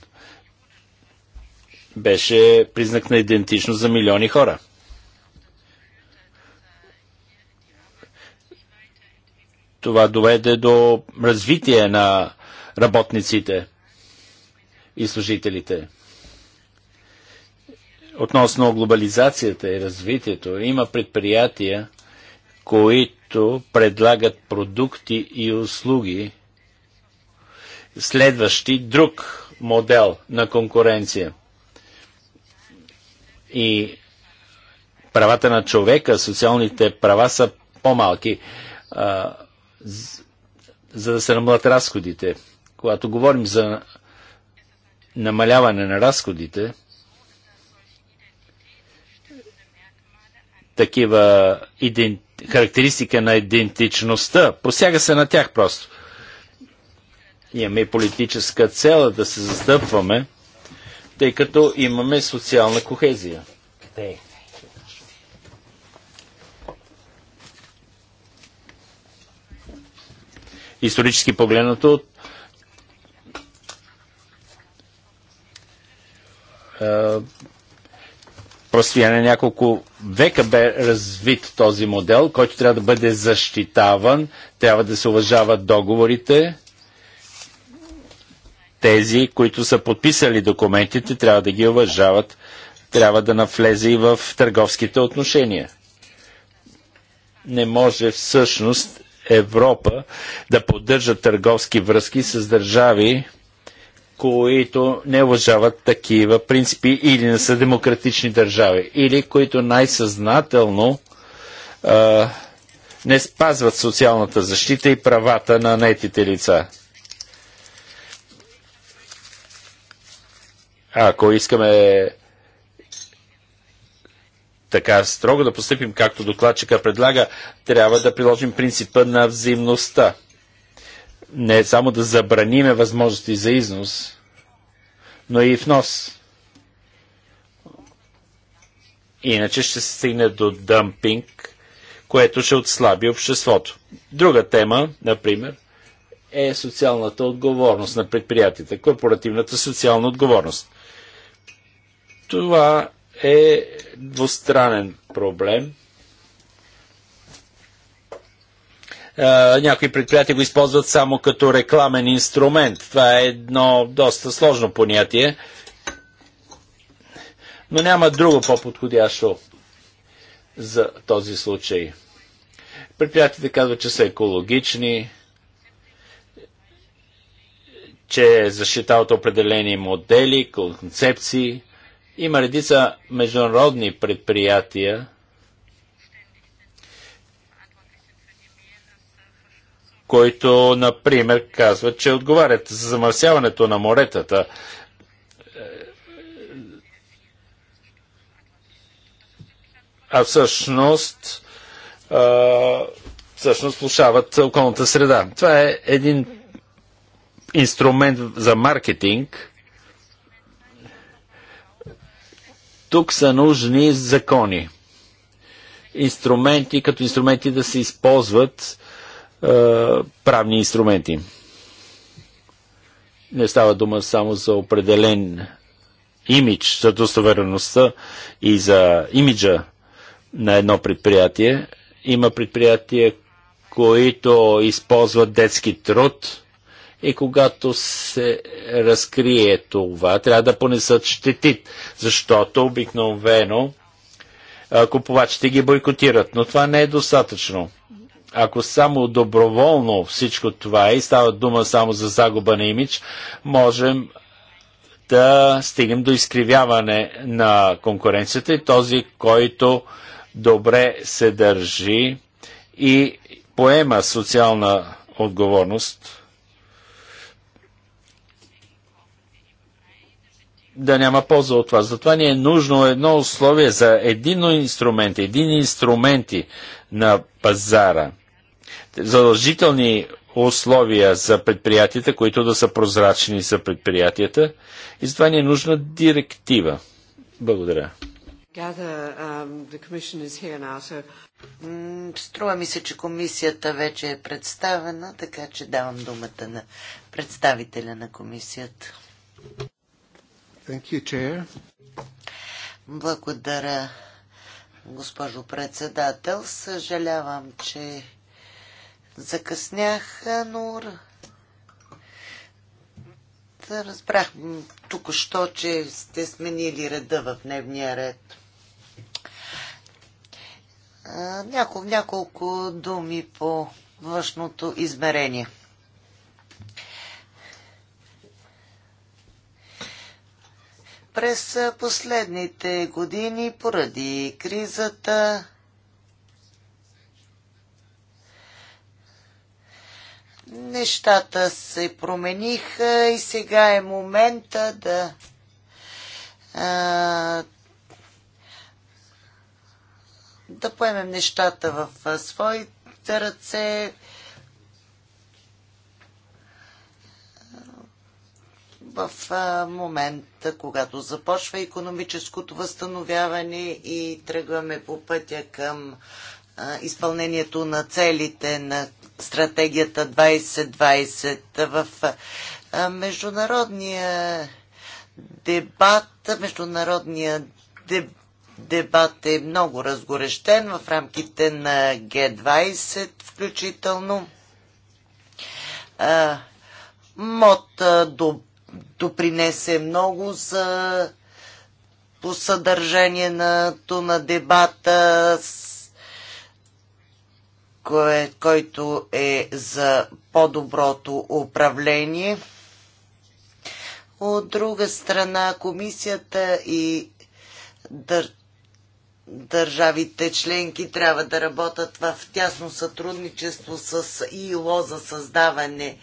Беше признак на идентичност за милиони хора. Това доведе до развитие на работниците и служителите. Относно глобализацията и развитието, има предприятия, които предлагат продукти и услуги, следващи друг модел на конкуренция. И правата на човека, социалните права са по-малки за да се намалят разходите. Когато говорим за намаляване на разходите, такива иден... характеристика на идентичността, посяга се на тях просто. Имаме и политическа цел да се застъпваме, тъй като имаме социална кохезия. Okay. исторически погледнато простояние на няколко века бе развит този модел, който трябва да бъде защитаван, трябва да се уважават договорите. Тези, които са подписали документите, трябва да ги уважават, трябва да навлезе и в търговските отношения. Не може всъщност Европа да поддържат търговски връзки с държави, които не уважават такива принципи или не са демократични държави, или които най-съзнателно не спазват социалната защита и правата на нетите лица. Ако искаме така строго да поступим, както докладчика предлага, трябва да приложим принципа на взаимността. Не само да забраниме възможности за износ, но и внос. Иначе ще се стигне до дъмпинг, което ще отслаби обществото. Друга тема, например, е социалната отговорност на предприятията, корпоративната социална отговорност. Това е двустранен проблем. Някои предприятия го използват само като рекламен инструмент. Това е едно доста сложно понятие. Но няма друго по-подходящо за този случай. Предприятията казват, че са екологични, че е защитават определени модели, концепции – има редица международни предприятия, които, например, казват, че отговарят за замърсяването на моретата. А всъщност, всъщност слушават околната среда. Това е един инструмент за маркетинг, Тук са нужни закони, инструменти, като инструменти да се използват е, правни инструменти. Не става дума само за определен имидж, за достоверността и за имиджа на едно предприятие. Има предприятия, които използват детски труд, и когато се разкрие това, трябва да понесат щетит, защото обикновено купувачите ги бойкотират. Но това не е достатъчно. Ако само доброволно всичко това е и става дума само за загуба на имидж, можем да стигнем до изкривяване на конкуренцията и този, който добре се държи и поема социална отговорност, да няма полза от това. Затова ни е нужно едно условие за едино инструмент, един инструменти на пазара. Задължителни условия за предприятията, които да са прозрачни за предприятията. И затова ни е нужна директива. Благодаря. Um, струва ми се, че комисията вече е представена, така че давам думата на представителя на комисията. You, Благодаря, госпожо председател. Съжалявам, че закъснях, но да разбрах току-що, че сте сменили реда в дневния ред. Няколко, няколко думи по външното измерение – През последните години, поради кризата, нещата се промениха и сега е момента да а, да поемем нещата в своите ръце, в момента, когато започва економическото възстановяване и тръгваме по пътя към изпълнението на целите на стратегията 2020 в международния дебат, международния дебат Дебат е много разгорещен в рамките на Г20 включително. Мод до допринесе много за по съдържание на дебата, кое, който е за по-доброто управление. От друга страна, комисията и дър държавите членки трябва да работят в тясно сътрудничество с ИЛО за създаване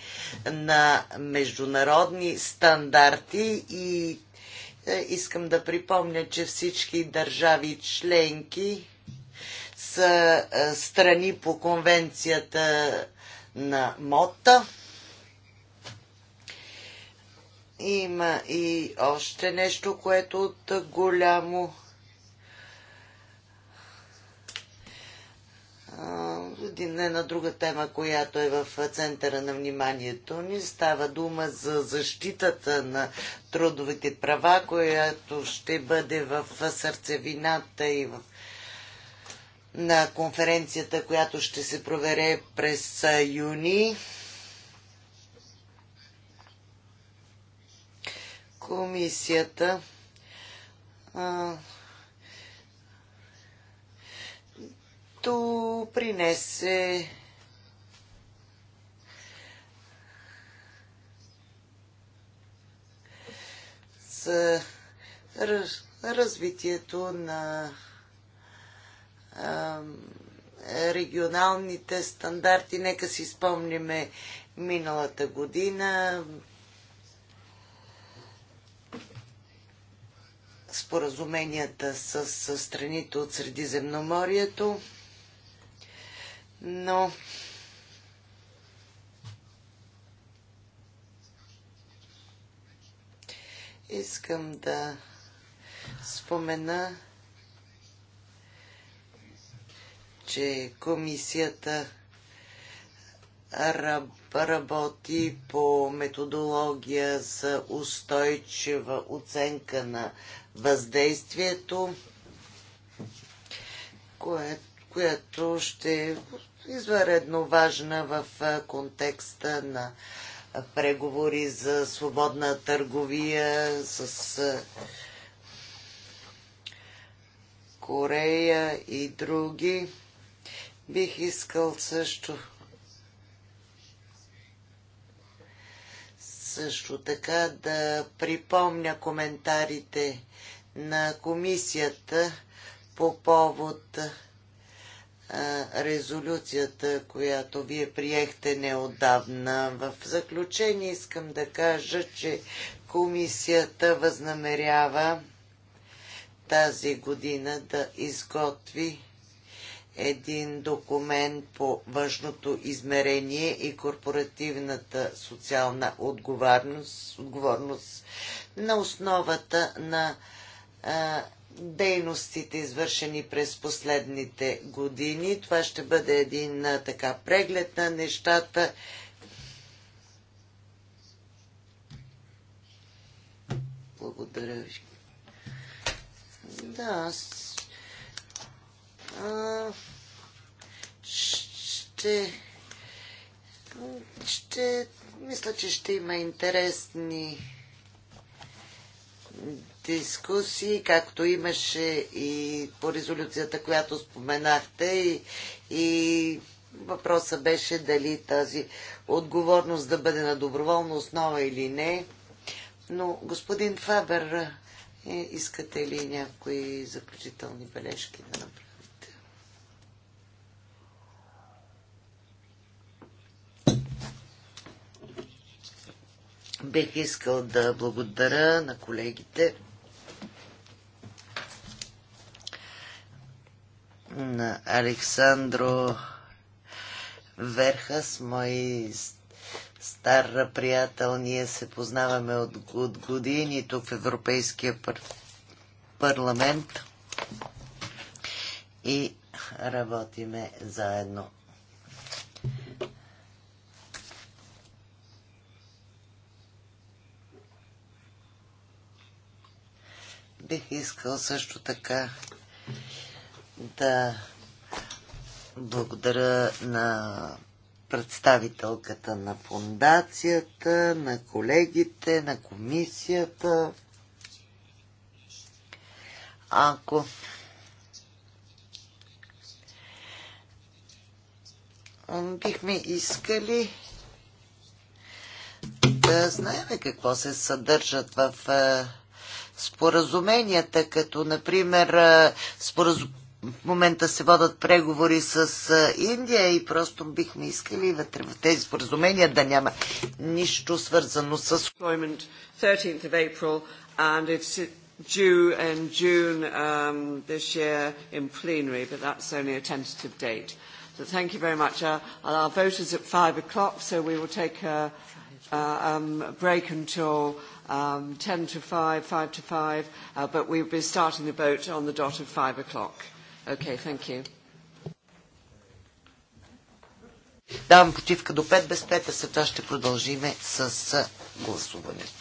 на международни стандарти и е, искам да припомня, че всички държави членки са е, страни по конвенцията на МОТА. Има и още нещо, което от голямо Един е на друга тема, която е в центъра на вниманието ни. Става дума за защитата на трудовите права, която ще бъде в сърцевината и в на конференцията, която ще се провере през юни. Комисията а, който принесе с развитието на регионалните стандарти. Нека си спомниме миналата година споразуменията с страните от Средиземноморието. Но искам да спомена, че комисията работи по методология за устойчива оценка на въздействието, което, ще извънредно важна в контекста на преговори за свободна търговия с Корея и други. Бих искал също също така да припомня коментарите на комисията по повод резолюцията, която вие приехте неодавна. В заключение искам да кажа, че комисията възнамерява тази година да изготви един документ по външното измерение и корпоративната социална отговорност, отговорност на основата на дейностите, извършени през последните години. Това ще бъде един така преглед на нещата. Благодаря ви. Да, аз... А... Ще... Ще... Мисля, че ще има интересни дискусии, както имаше и по резолюцията, която споменахте, и, и въпроса беше дали тази отговорност да бъде на доброволна основа или не. Но, господин Фабер, е, искате ли някои заключителни бележки да направите? Бих искал да благодаря на колегите на Александро Верхас, мой стар приятел. Ние се познаваме от, от години тук в Европейския пар... парламент и работиме заедно. Бих искал също така да благодаря на представителката на фундацията, на колегите, на комисията. Ако бихме искали да знаем какво се съдържат в е, споразуменията, като например е, споразу в момента се водят преговори с Индия и просто бихме искали вътре в тези споразумения да няма нищо свързано с... 13 April and it's due in June um, this year in plenary, but that's only a tentative date. So thank you very much. Our, our vote is at five o'clock, so we will take a, a um, break until um, ten to five, five to five, uh, but we'll be starting the vote on the dot at five o'clock. Окей, Okay, thank you. Давам почивка до 5 без 5, а след това ще продължиме с гласуването.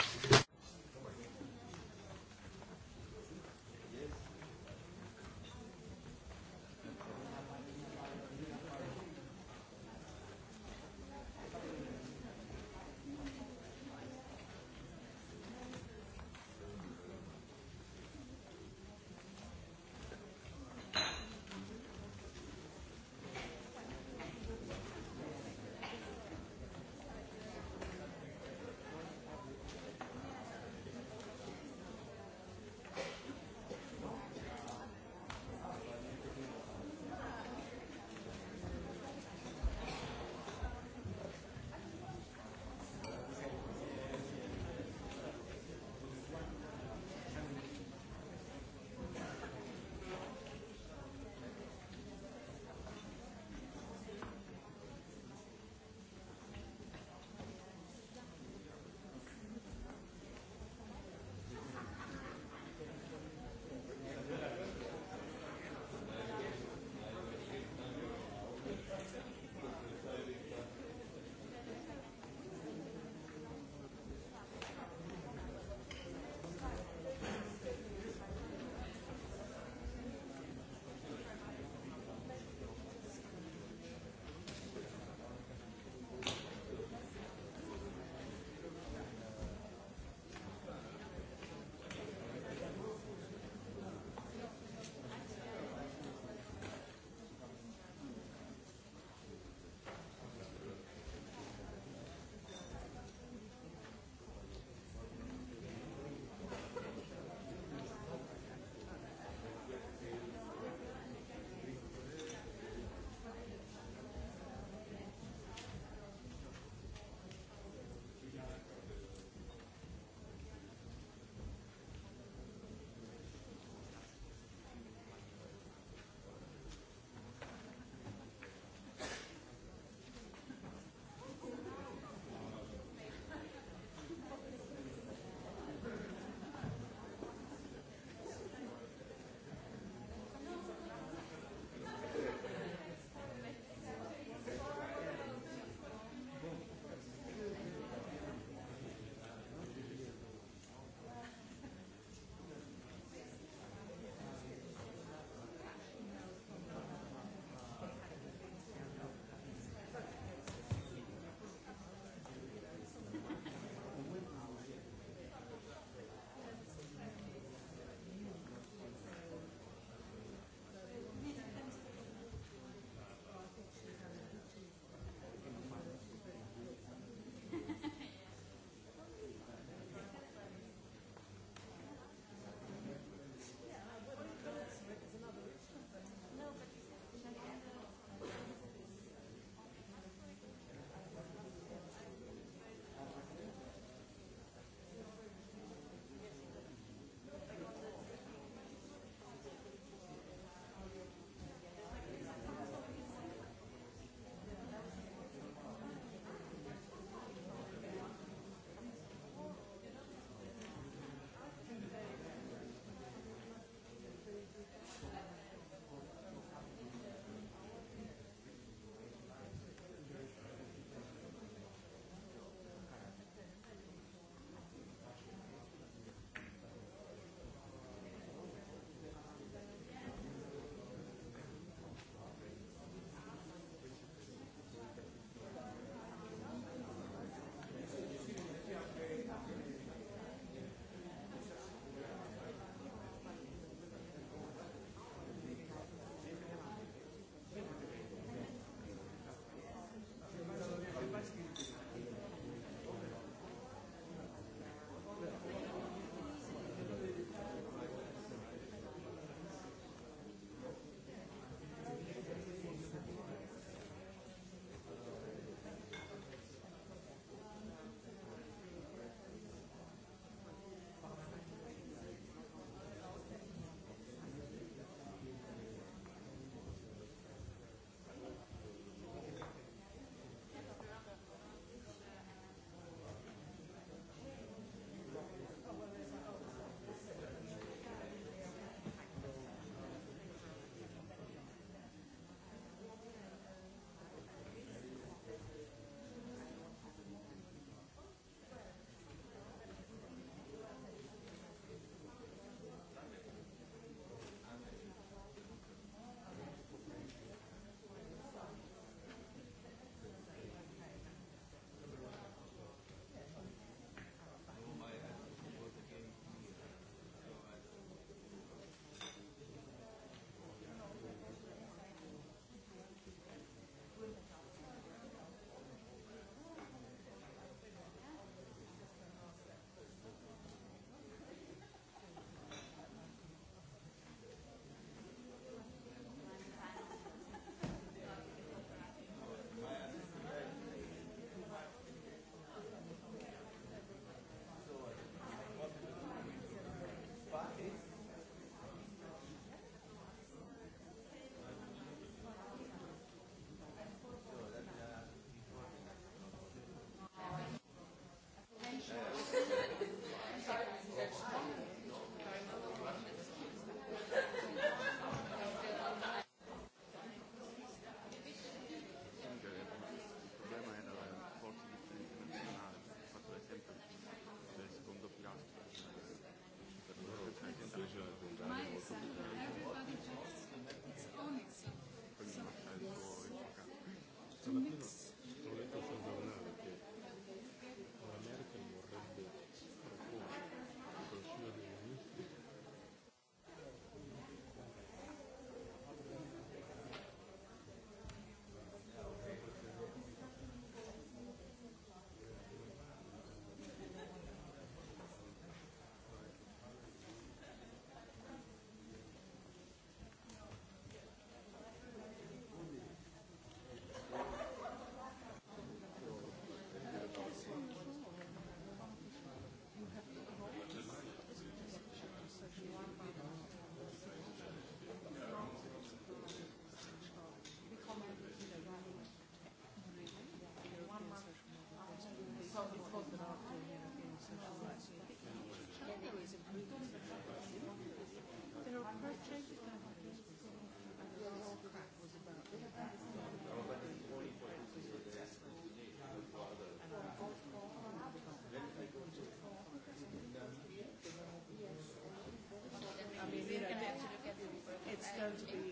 going to be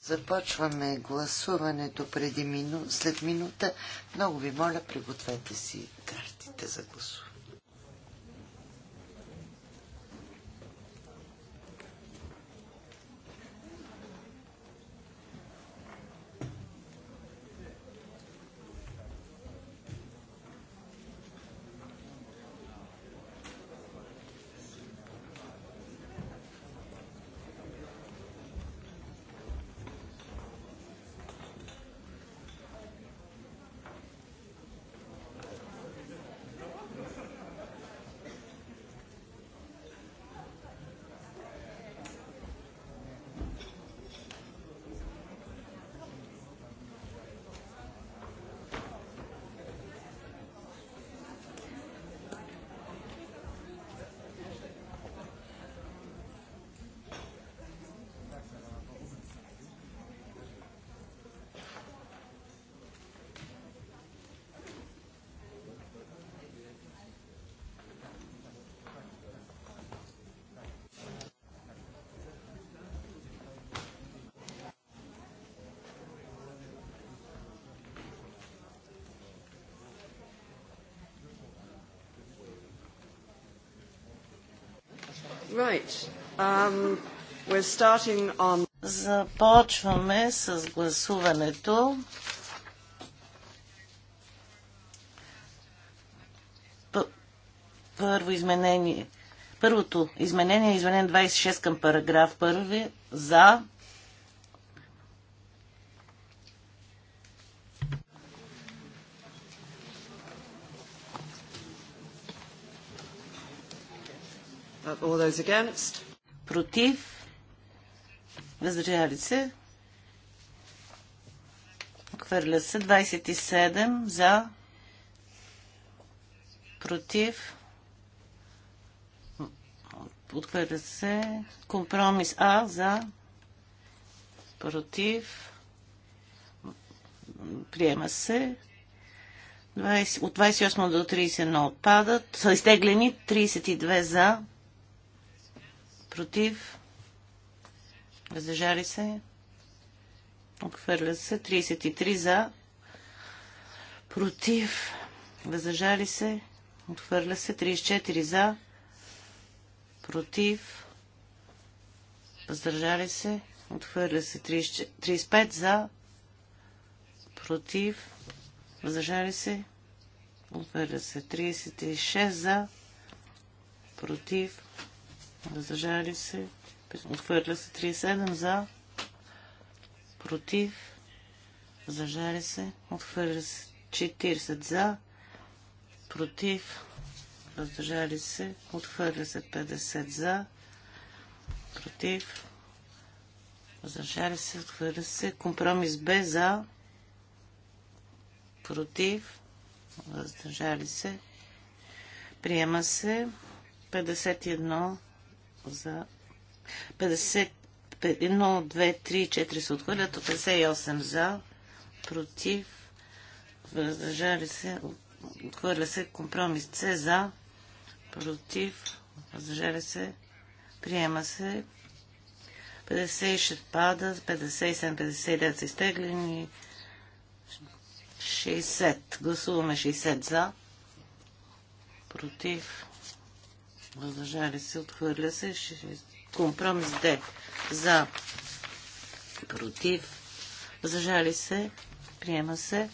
Започваме гласуването преди след минута. Много ви моля, пригответе си картите за гласуване. Right. Um, we're starting on... Започваме с гласуването. Първо изменение. Първото изменение е изменен 26 към параграф 1. За Those against? Против. Въздържали се. Отхвърля се. 27 за. Против. Отхвърля се. Компромис А за. Против. Приема се. 20, от 28 до 31 отпадат. Са изтеглени 32 за против, въздържали се, отхвърля се, 33 за, против, въздържали се, отхвърля се, 34 за, против, въздържали се, отхвърля се, 35 за, против, въздържали се, отхвърля се, 36 за, против, Въздържали се. Отхвърля се 37 за. Против. Въздържали се. Отхвърля се 40 за. Против. Въздържали се. Отхвърля се 50 за. Против. Въздържали се. Отхвърля се. Компромис Б за. Против. Въздържали се. Приема се. 51 за 50, 1, 2, 3, 4 се отхвърлят, 58 за, против, въздържали се, отхвърля се компромис С за, против, въздържали се, приема се, 56 пада, 57, 59 са изтеглени, 60. Гласуваме 60 за, против, Въздържали се, отхвърля се. Компромис Д. За. Против. Въздържали се. Приема се.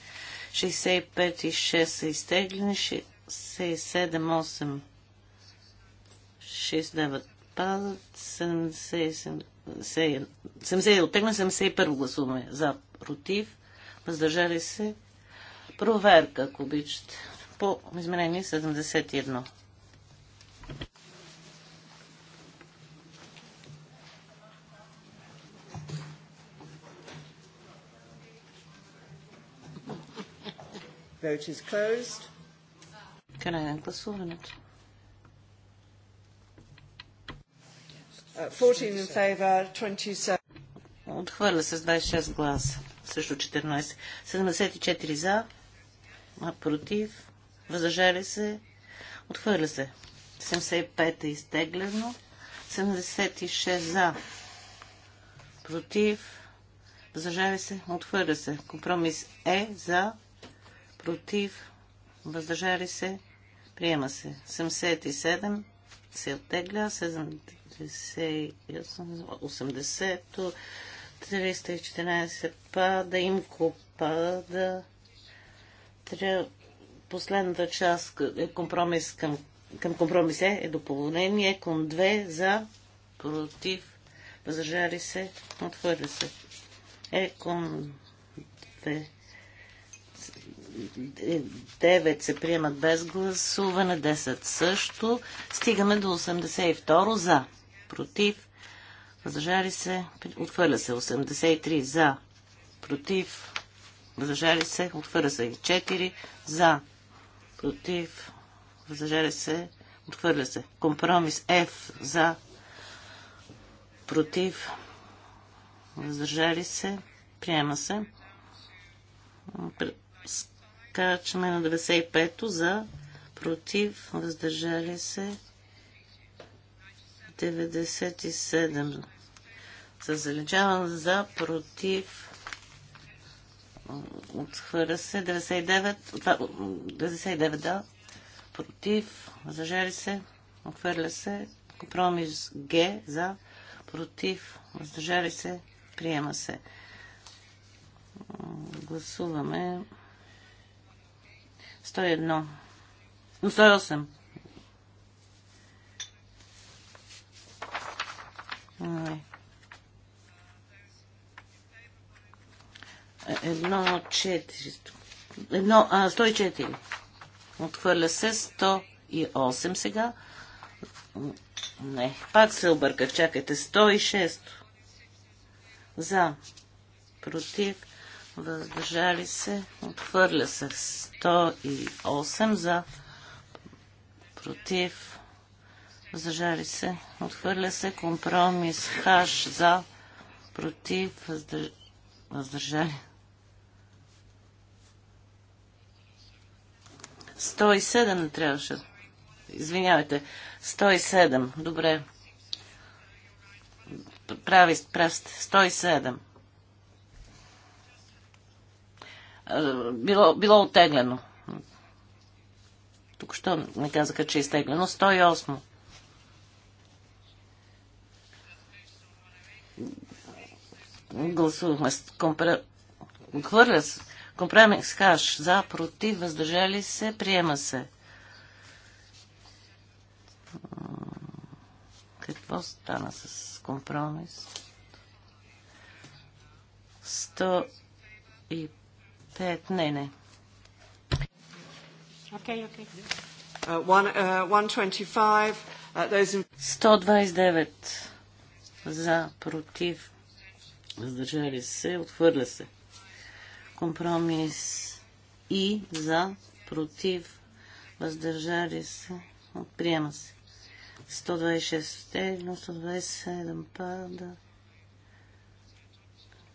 65 и 6 са изтеглени. 67, 8. 6, 9 падат. 70, 70, оттегна. 71 гласуваме. За. Против. Въздържали се. Проверка, ако обичате. По изменение 71. Vote is closed. I на гласуването. sword uh, in it? Отхвърля се с 26 гласа. Също 14. 74 за. Против. Въздържали се. Отхвърля се. 75 е изтеглено. 76 за. Против. Въздържали се. Отхвърля се. Компромис е за против, въздържали се, приема се. 77 се оттегля, 78, 80, 314 пада, имко пада. Последната част е компромис към, към компромис е, е допълнение към 2 за против въздържали се, отхвърля се. Е към 2 9 се приемат без гласуване, 10 също. Стигаме до 82 за. Против. Въздържали се. отвърля се. 83 за. Против. Въздържали се. отвърля се. 4 за. Против. Въздържали се. отвърля се. Компромис F за. Против. Въздържали се. Приема се. Така, на 95 за, против, въздържали се 97 за заличаване за, против, отхвърля се 99, 99 да, против, въздържали се, отхвърля се, компромис Г за, против, въздържали се, приема се. Гласуваме 101. 108. Едно, 4. Едно, а, 104. Отхвърля се 108 сега. Не, пак се обърках. Чакайте. 106. За. Против въздържали се, отхвърля се 108 за, против, въздържали се, отхвърля се компромис хаш за, против, въздър... въздържали. 107 трябваше. Извинявайте. 107. Добре. Прави, прав 107. било, било отеглено. Тук що не казаха, че е изтеглено. 108. Гласувахме с компре... Хвърля се. Компромис хаш. За, против, въздържали се, приема се. Какво стана с компромис? 105 Te, Не, не. Okay, okay. 125. 129 за, против, въздържали се, отвърля се. Компромис и за, против, въздържали се, отприема се. 126 е, 127 пада.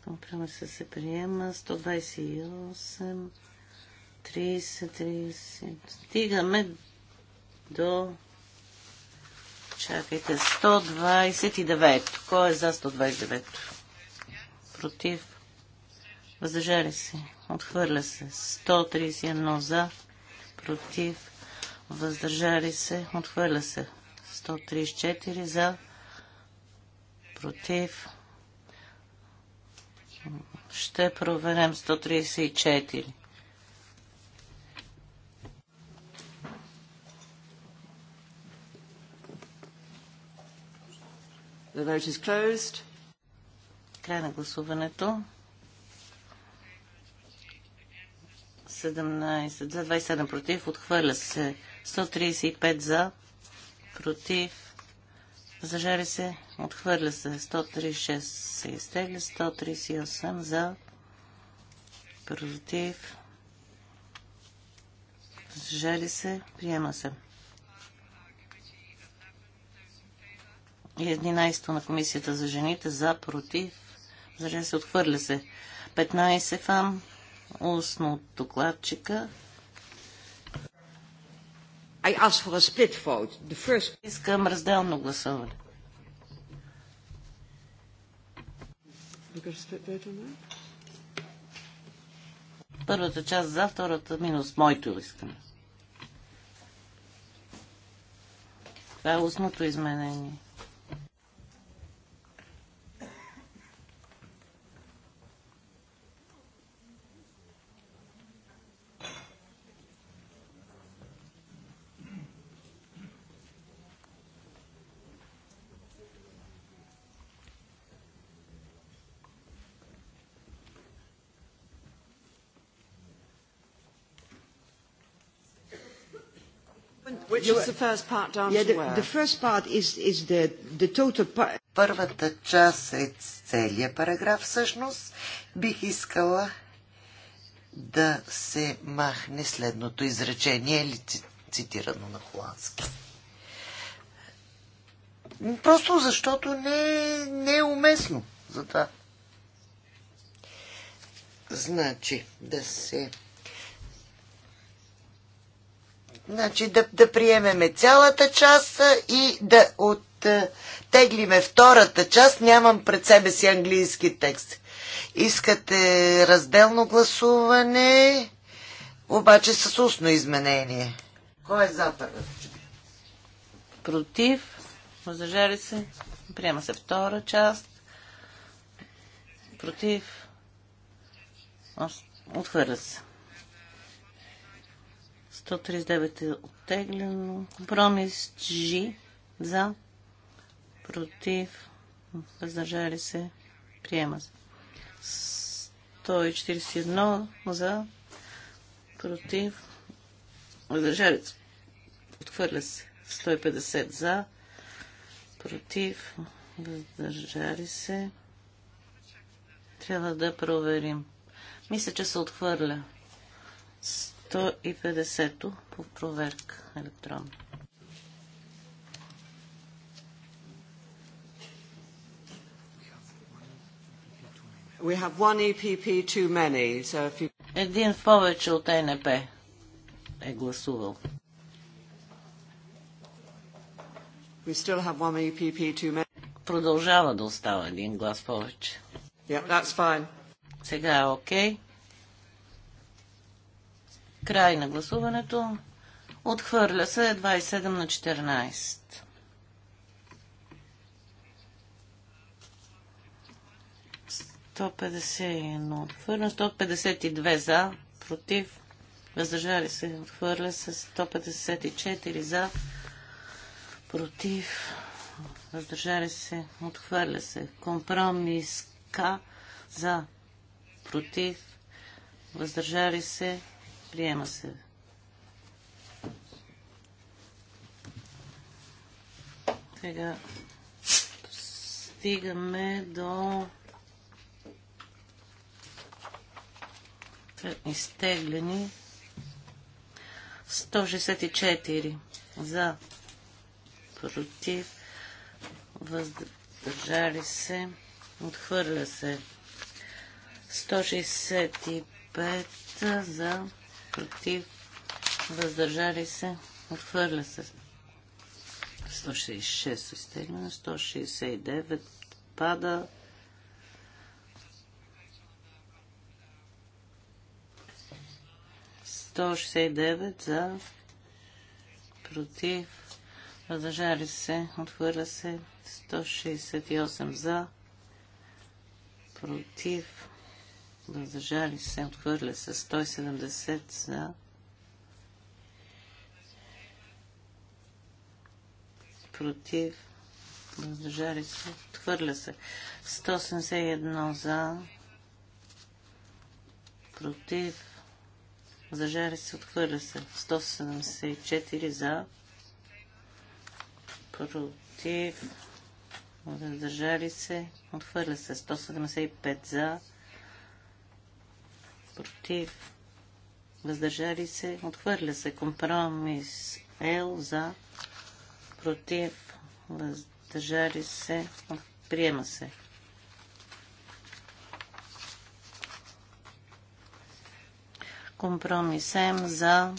Компромиса се приема. 128, 30, 30. Стигаме до... Чакайте. 129. Кой е за 129? Против. Въздържали се. Отхвърля се. 131 за. Против. Въздържали се. Отхвърля се. 134 за. Против ще проверим 134. The vote is closed. Край на гласуването. 17 за, 27 против. Отхвърля се. 135 за, против. Зажари се. Отхвърля се 136 се изтегля, 138 за против. Жали се, приема се. 11 на комисията за жените за против. Зря се отхвърля се. 15 фам устно от докладчика. I ask for a split vote. The first... Искам разделно гласуване. Първата част за, втората минус моето искане. Това е устното изменение. Which is the first part down yeah, to where? The first part is, is the, the total part. Първата част е целият параграф всъщност. Бих искала да се махне следното изречение, или цитирано на холандски. Просто защото не, не е уместно за това. Значи, да се Значи да, да приемеме цялата част и да оттеглиме втората част. Нямам пред себе си английски текст. Искате разделно гласуване, обаче с устно изменение. Кой е за първа? Против. Въздържали се. Приема се втора част. Против. Отхвърля се. 139 е оттеглено. Промис G за, против, въздържали се, приема се. 141 за, против, въздържали се, отхвърля се. 150 за, против, въздържали се. Трябва да проверим. Мисля, че се отхвърля. 150-то по проверка електронно. We have one EPP too many, so if you... Един повече от ЕНП е гласувал. We still have one EPP too many. Продължава да остава един глас повече. Yeah, that's fine. Сега е окей. Okay. Край на гласуването. Отхвърля се 27 на 14. отхвърля, 152 за, против, въздържали се, отхвърля се 154 за, против, въздържали се, отхвърля се. Компромис К за, против, въздържали се, Приема се. Сега стигаме до изтеглени 164 за против въздържали се отхвърля се 165 за против, въздържали се, отхвърля се. 166 изтеглено, 169 пада. Сто за против въздържали се, отхвърля се 168 за против въздържали се, отхвърля се 170 за, против, въздържали се, отхвърля се 171 за, против, въздържали се, отхвърля се 174 за, против, въздържали се, отхвърля се 175 за, против, въздържали се, отхвърля се. Компромис Л за, против, въздържали се, приема се. Компромис М за,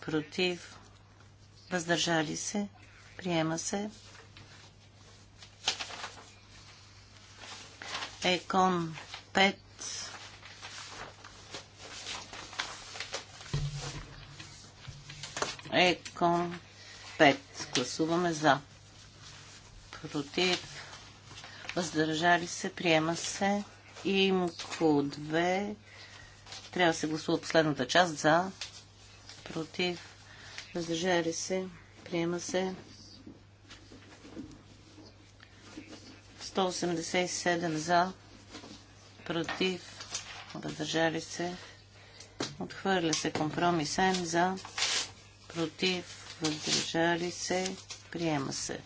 против, въздържали се, приема се. Екон 5 Еко 5. Гласуваме за. Против. Въздържали се. Приема се. Имко две. Трябва да се гласува последната част за. Против. Въздържали се. Приема се. 187 за. Против. Въздържали се. Отхвърля се компромисен за против, въздържали се, приема се.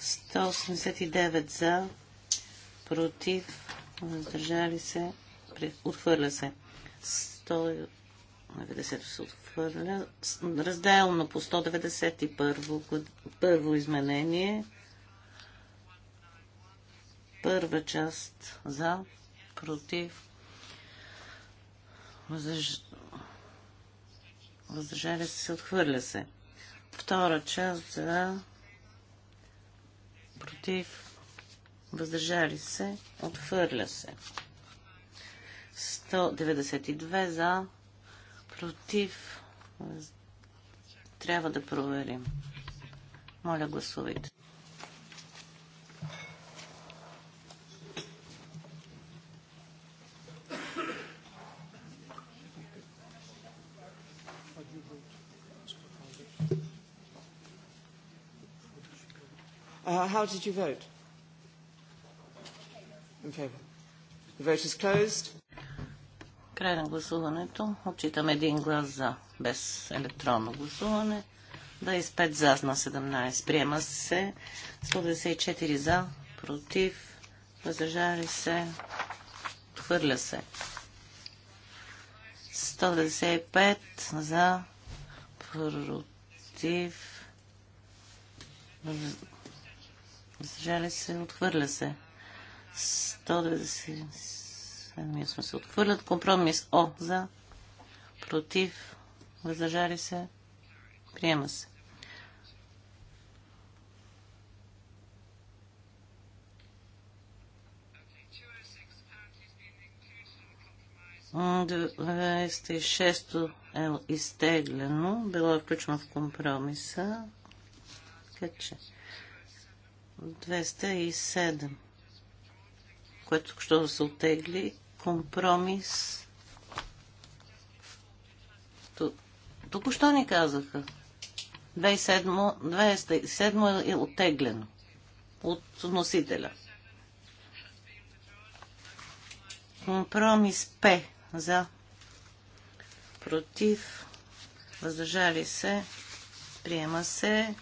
189 за, против, въздържали се, отхвърля се. 190 се отхвърля. Разделно по 191 първо изменение. Първа част за, против, въздържали въздържали се, отхвърля се. Втора част за против, въздържали се, отхвърля се. 192 за против, трябва да проверим. Моля, гласувайте. how did you vote? In favor. The vote is closed. Край на гласуването. Отчитам един глас за, без електронно гласуване. 25 за на 17. Приема се. 194 за, против, въздържали се, хвърля се. 195 за, против, Въздържали се, отхвърля се. 197 сме се отхвърлят. Компромис О за. Против. Въздържали се. Приема се. Двести шесто е изтеглено. Било е включено в компромиса. Така че. 207, което ще се отегли. Компромис. Току-що ни казаха. 207, е отеглено от носителя. Компромис П за против въздържали се приема се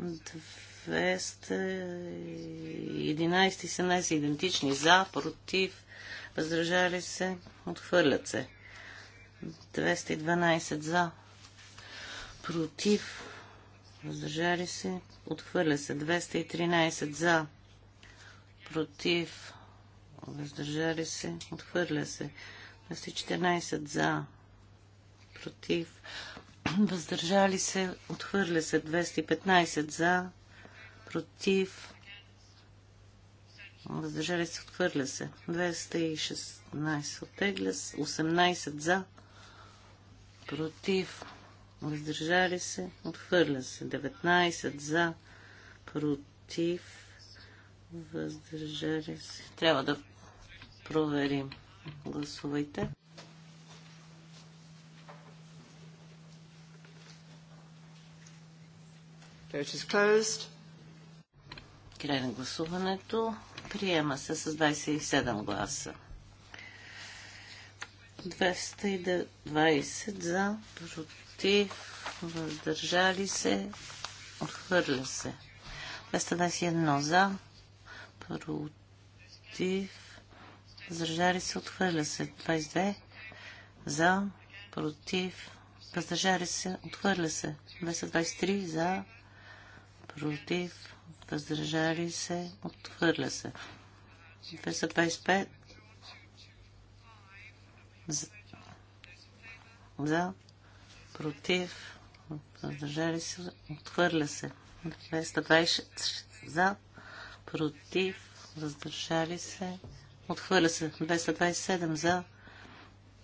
211 и 17 идентични за, против, въздържали се, отхвърлят се. 212 за, против, въздържали се, отхвърля се. 213 за, против, въздържали се, отхвърля се. 214 за, против, въздържали се, отхвърля се 215 за, против, въздържали се, отхвърля се 216, отегля се 18 за, против, въздържали се, отхвърля се 19 за, против, въздържали се. Трябва да проверим. Гласувайте. Vote is closed. Край на гласуването. Приема се с 27 гласа. 220 за, против, въздържали се, отхвърля се. 221 за, против, въздържали се, отхвърля се. 22 за, против, въздържали се, отхвърля се. 223 за, против, въздържали се, отхвърля се. 225 за, за против, въздържали се, отхвърля се. 226 за, против, въздържали се, отхвърля се. 227 за,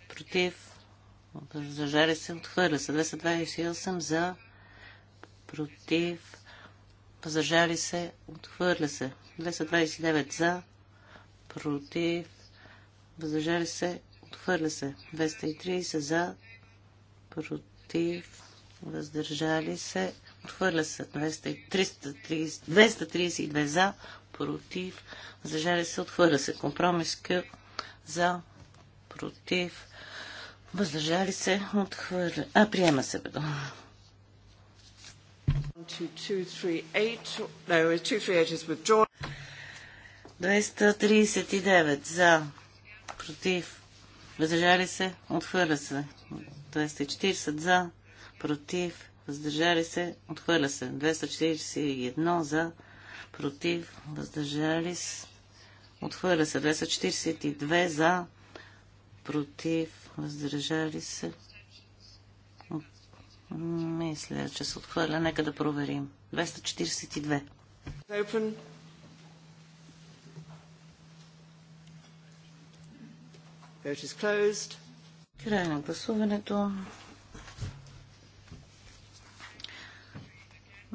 против, въздържали се, отхвърля се. 228 за, против, въздържали се, отхвърля се. 229 за, против, въздържали се, отхвърля се. 230 за, против, въздържали се, отхвърля се. 232 за, против, въздържали се, отхвърля се. Компромис К за, против, въздържали се, отхвърля. А, приема се, бедо. 239 за, против, въздържали се, отхвърля се. 240 за, против, въздържали се, отхвърля се. 241 за, против, въздържали се, отхвърля се. 242 за, против, въздържали се, мисля, че се отхвърля. Нека да проверим. 242. Open. Vote is closed. Край на гласуването.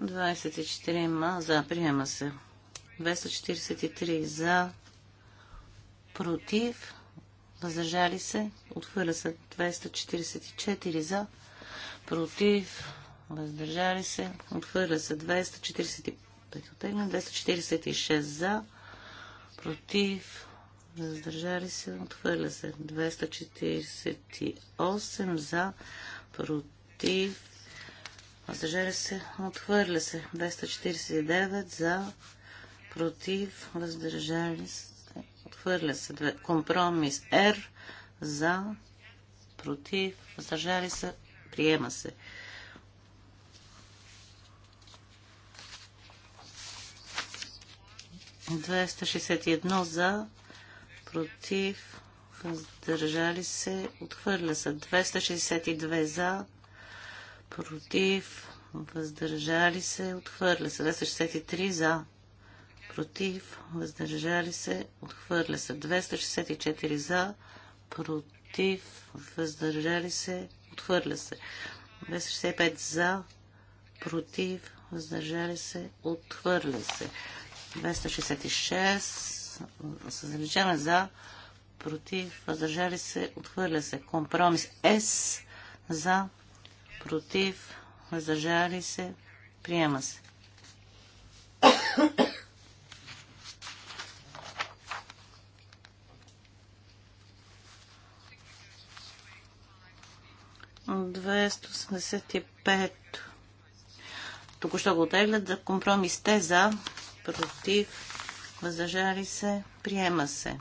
24 ма за. Приема се. 243 за. Против. Въздържали се. Отхвърля се. 244 за против, въздържали се, отхвърля се 245, 246 за, против, въздържали се, отхвърля се 248 за, против, въздържали се, отхвърля се 249 за, против, въздържали се, отхвърля се компромис Р, за, против, въздържали се, Приема се. Двеста за против въздържали се отхвърля се. 262 за против въздържали се отхвърля се. 263 за против, въздържали се, отхвърля се. 264 за, против, въздържали се, Отхвърля се. 265 за, против, въздържали се, отхвърля се. 266 се заличаваме за, против, въздържали се, отхвърля се. Компромис С за, против, въздържали се, приема се. 285. Току-що го оттеглят за компромис те за, против, въздържали се, приема се.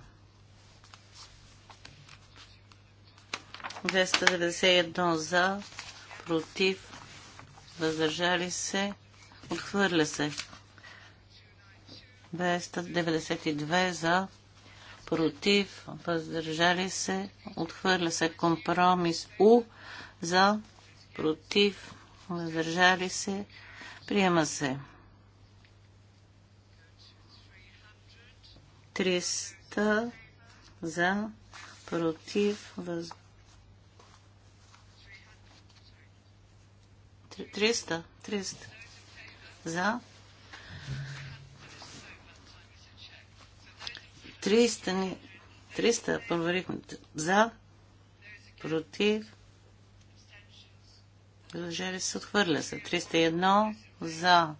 291 за, против, въздържали се, отхвърля се. 292 за, против, въздържали се, отхвърля се компромис У за, против, въздържали се, приема се. 300 за, против, въз... 300, 300 за. 300, 300 проверихме за, против, Въздържали се. Отхвърля се. 301 за.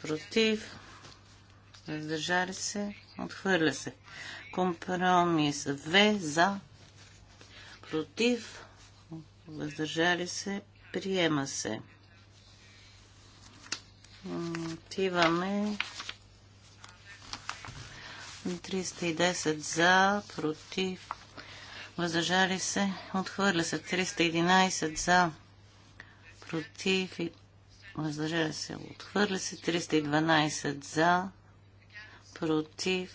Против. Въздържали се. Отхвърля се. Компромис В за. Против. Въздържали се. Приема се. Отиваме 310 за, против, въздържали се, отхвърля се 311 за, против, и въздържали се, отхвърля се 312 за, против,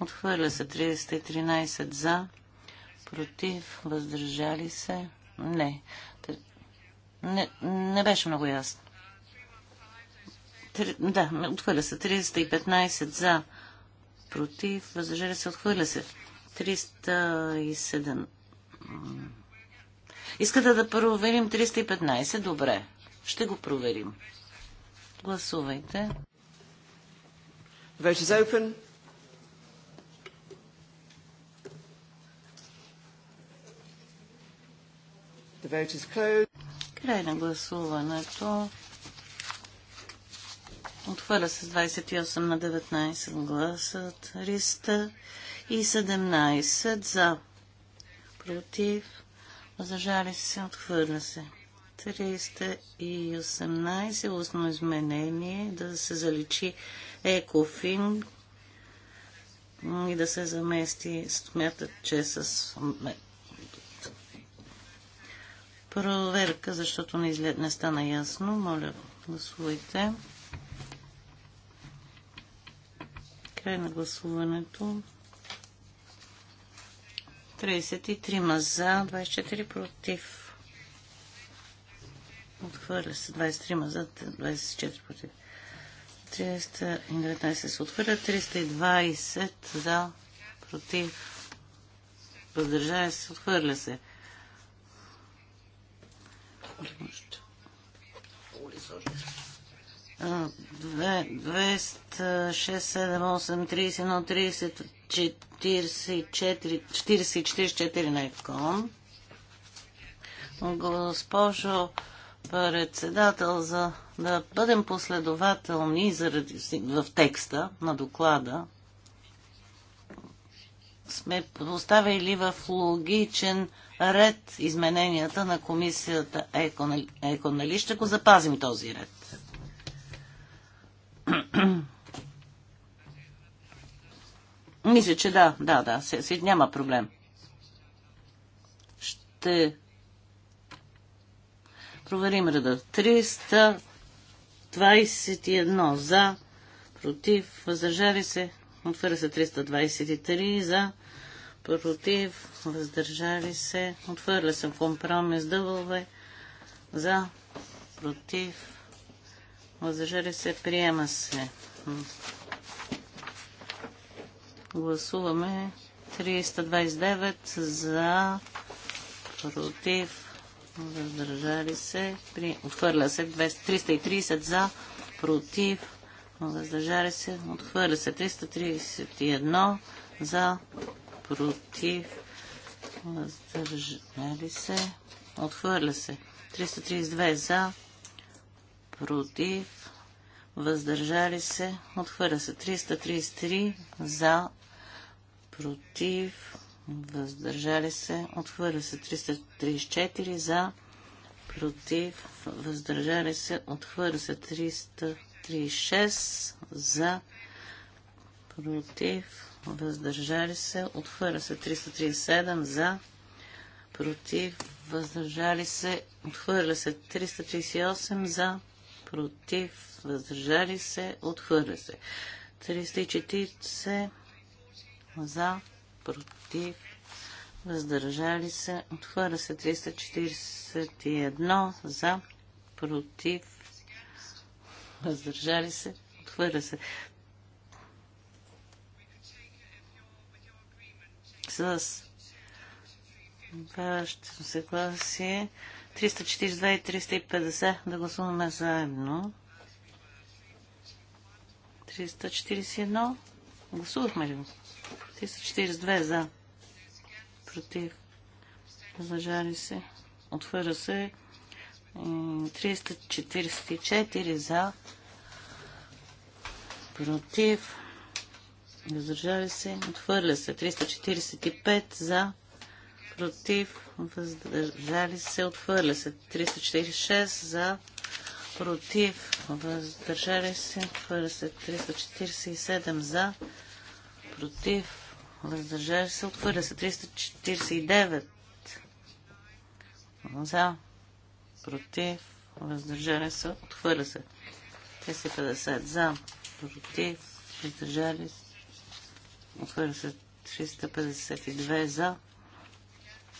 отхвърля се 313 за, против, въздържали се, не. Не, не беше много ясно. Три, да, отхвърля се 315 за, против, въздържали се, отхвърля се. 307. Искате да проверим 315? Добре. Ще го проверим. Гласувайте. vote is open. The vote is closed. Край на гласуването. Отхвърля се с 28 на 19 гласа. 300 и 17 за. Против. Въздържали се. Отхвърля се. 318 устно изменение да се заличи екофин и да се замести смятат, че е с проверка, защото не, излед, не стана ясно. Моля, гласувайте. Край на гласуването. 33 за, 24 против. Отхвърля се. 23 за, 24 против. 319 се отхвърля. 320 за, против. Въздържава се. Отхвърля се. Две, 200, 6, 7, 8, 31, 30, 44, на икон. Госпожо председател, за да бъдем последователни заради, в текста на доклада, сме поставили в логичен ред измененията на комисията ЕКО. Нали ще го запазим този ред? Мисля, че да, да, да, се, се, няма проблем. Ще проверим реда. 321 за, против, въздържали се. отваря се 323 за, против, въздържали се. Отвърля се компромис дъвове за, против, въздържали се, приема се. Гласуваме 329 за, против, въздържали се, при... отхвърля се 330 за, против, въздържали се, отхвърля се 331 за, против, въздържали се, отхвърля се 332 за, против, въздържали се, отхвърля се 333 за, против, въздържали се, отхвърля се 334 за, против, въздържали се, отхвърля се 336 за, против, въздържали се, отхвърля се 337 за, против, въздържали се, отхвърля се 338 за, против, въздържали се, отхвърля се 340 за, против, въздържали се, отхвърля се 341 за, против, въздържали се, отхвърля се. С вашето съгласие 342 и 350 да гласуваме заедно. 341. Гласувахме ли го? 342 за. Против. Въздържали се. Отвърза се. 344 за. Против. Въздържали се. отвърля се. 345 за. Против. Въздържали се. отвърля се. 346 за. Против. Въздържали се. Отхвърля се. 347 за. Против въздържаш се, отхвърля се. 349 за, против, въздържали се, отхвърля се. 350 за, против, въздържали се, отхвърля се. 352 за,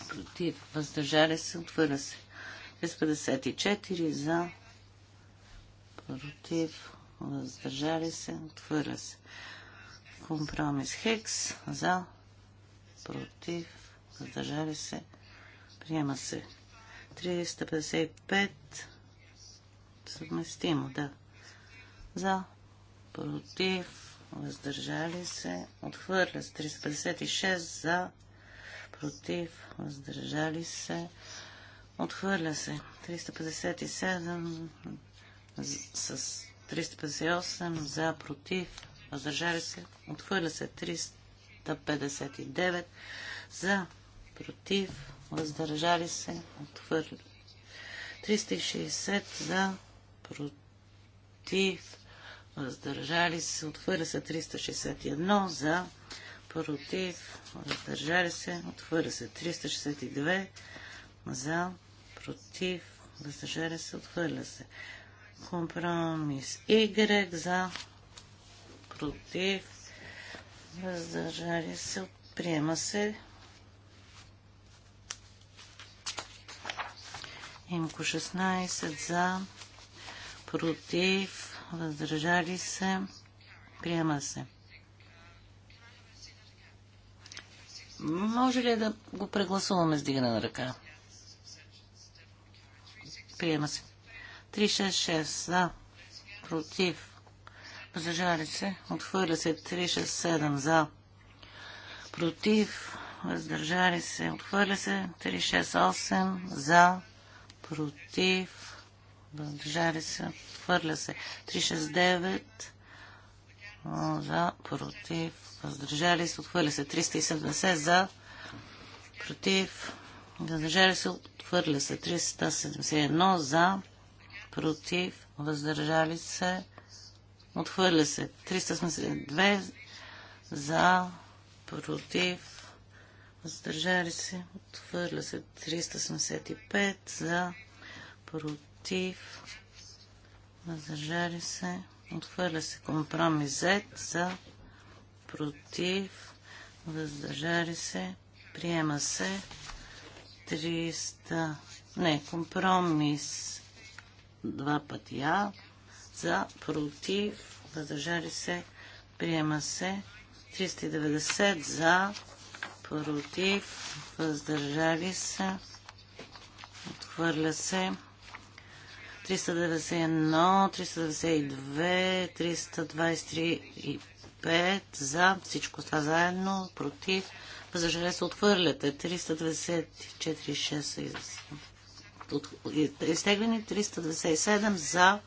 против, въздържали се, отхвърля се. 354 за, против, въздържали се, отхвърля се. Компромис Хекс за, против, въздържали се, приема се. 355 съвместимо, да. За, против, въздържали се, отхвърля се. 356 за, против, въздържали се, отхвърля се. 357 с 358 за, против, въздържали се, отхвърля се 359 за, против, въздържали се, отхвърля 360 за, против, въздържали се, отхвърля се 361 за, против, въздържали се, отхвърля се 362 за, против, въздържали се, отхвърля се. Компромис Y за, против, въздържали се, приема се. Имко 16 за, против, въздържали се, приема се. Може ли да го прегласуваме с дигане на ръка? Приема се. 366 за, против, въздържали се, отхвърля се 367 за, против, въздържали се, отхвърля се 368 за, против, въздържали се, отхвърля се 369 за, против, въздържали се, отхвърля се 370 за, против, въздържали се, отхвърля се 371 за, против, въздържали се, Отхвърля се. 372 за, против, въздържали се. Отхвърля се. 375 за, против, въздържали се. Отхвърля се. Компромис Z за, против, въздържали се. Приема се. 300. Не, компромис. Два пъти А за, против, въздържали се, приема се. 390 за, против, въздържали се, отхвърля се. 391, 392, 323 и 5 за, всичко това заедно, против, въздържали се, отхвърляте. 394, 6 изтеглени, 397 за,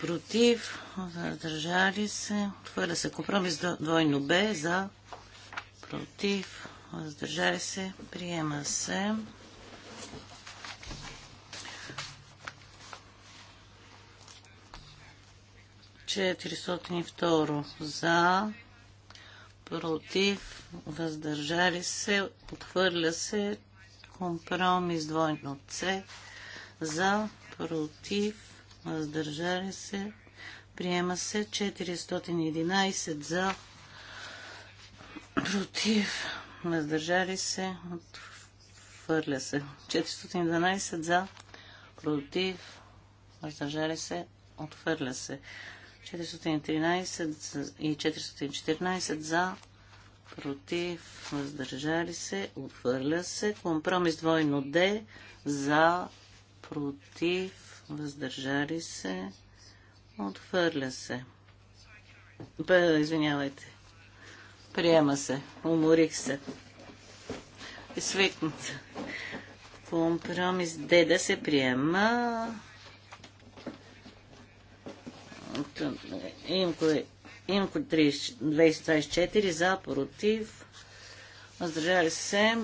против, въздържали се, отхвърля се компромис двойно Б, за, против, въздържали се, приема се. второ за, против, въздържали се, отхвърля се, компромис двойно С, за, против, въздържали се, приема се 411 за, против, въздържали се, отвърля се 412 за, против, въздържали се, отвърля се 413 и 414 за, против, въздържали се, отвърля се. Компромис двойно Д, за, против, въздържали се, отхвърля се. Бе, извинявайте. Приема се. Уморих се. Свикнат. Компромис Д да се приема. Имко, е- имко 224 за, против. Въздържали се.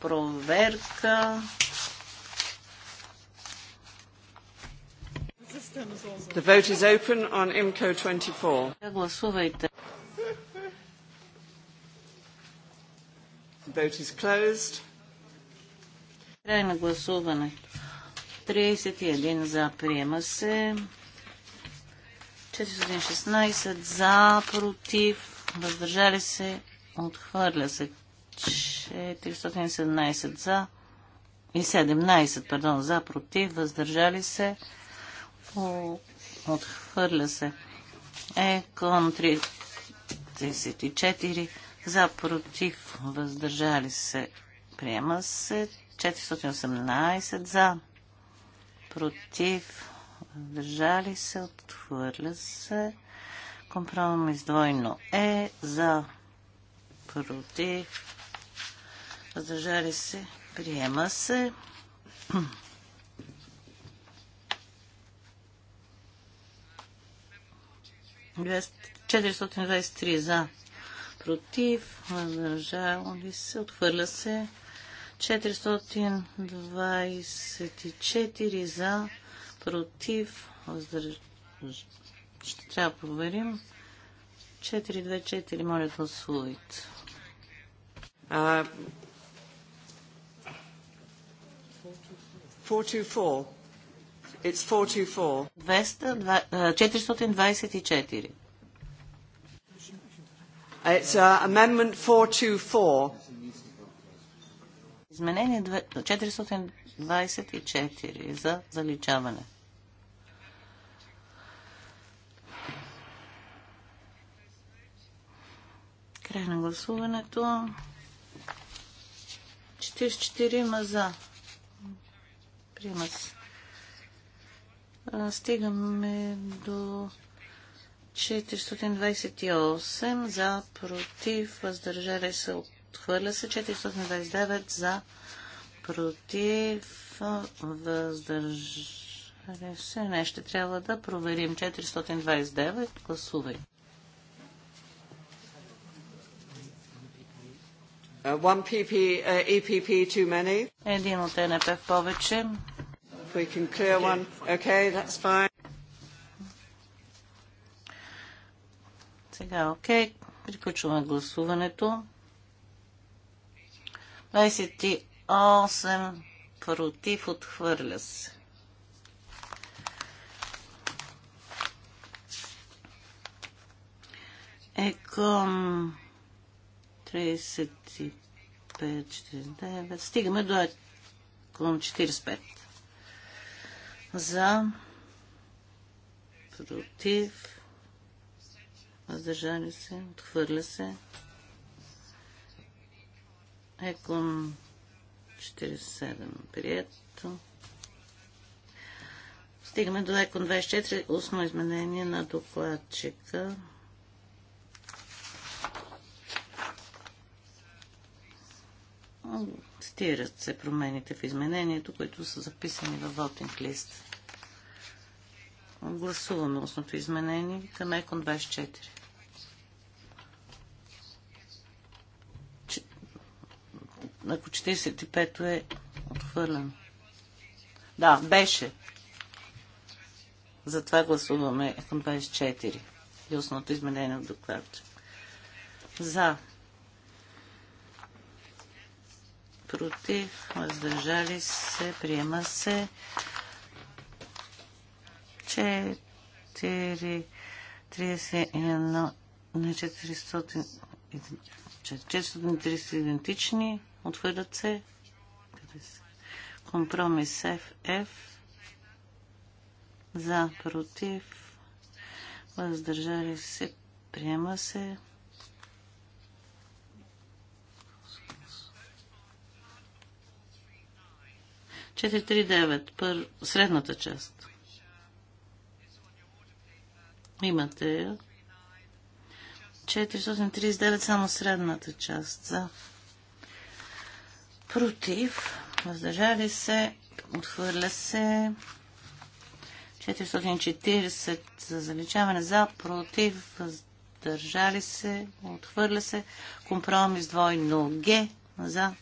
Проверка. The vote is open on IMCO 24. Гласувайте. The vote is closed. Край на гласуването. 31 за приема се. 416 за, против, въздържали се, отхвърля се. 417 за и 17, пардон, за, против, въздържали се. Отхвърля се. Екон 34. За, против, въздържали се. Приема се. 418 за. Против, въздържали се. Отхвърля се. Компромис двойно е. За, против, въздържали се. Приема се. 423 за, против, ли се, отхвърля се. 424 за, против, въздържали ще трябва да проверим. 424, моля, гласувайте. Uh, 424. It's 424. 424. It's uh, amendment 424. Изменение 424 за заличаване. Край на гласуването. 44 ма за. Приема се. Стигаме до 428 за, против, въздържали се, отхвърля се. 429 за, против, въздържали се. Не, ще трябва да проверим. 429, гласувай. Uh, one PP, uh, EPP too many. Един от ЕНП повече we can clear one. Okay, that's fine. Сега, окей, приключваме гласуването. 28 против, отхвърля се. Еком 35-49. Стигаме до Еком 45 за против въздържали се, отхвърля се. Екон 47 прието. Стигаме до Екон 24, устно изменение на докладчика. Цитират се промените в изменението, които са записани във вотинг лист. Гласуваме устното изменение към Екон 24. Ако 45-то е отхвърлено. Да, беше. Затова гласуваме към 24. И основното изменение от доклад. За против, въздържали се, приема се. Четири, 31 на 430 идентични, отвърдат се. Компромис FF за, против, въздържали се, приема се. 439, пър... средната част. Имате 439, само средната част. За. Против. Въздържали се. Отхвърля се. 440 за заличаване. За. Против. Въздържали се. Отхвърля се. Компромис двойно Г. За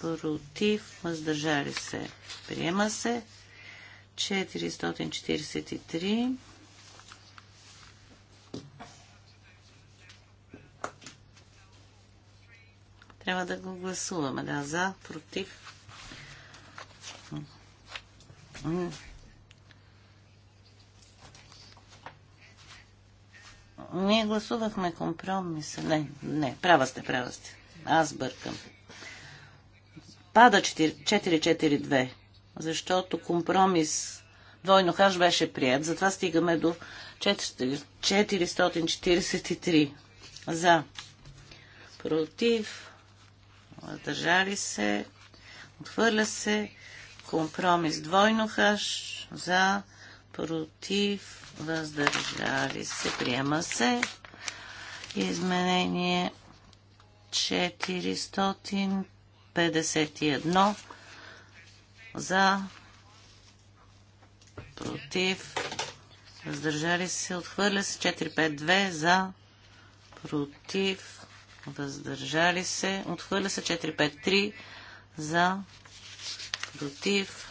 против, въздържали се. Приема се. 443. Трябва да го гласуваме. Да, за, против. Ние гласувахме компромиса. Не, не, права сте, права сте. Аз бъркам. Пада 442, защото компромис двойно хаш беше прият. Затова стигаме до 443 за против държали се отхвърля се компромис двойно хаш за против въздържали се приема се изменение 400 51 за против въздържали се отхвърля се 452 за против въздържали се отхвърля се 453 за против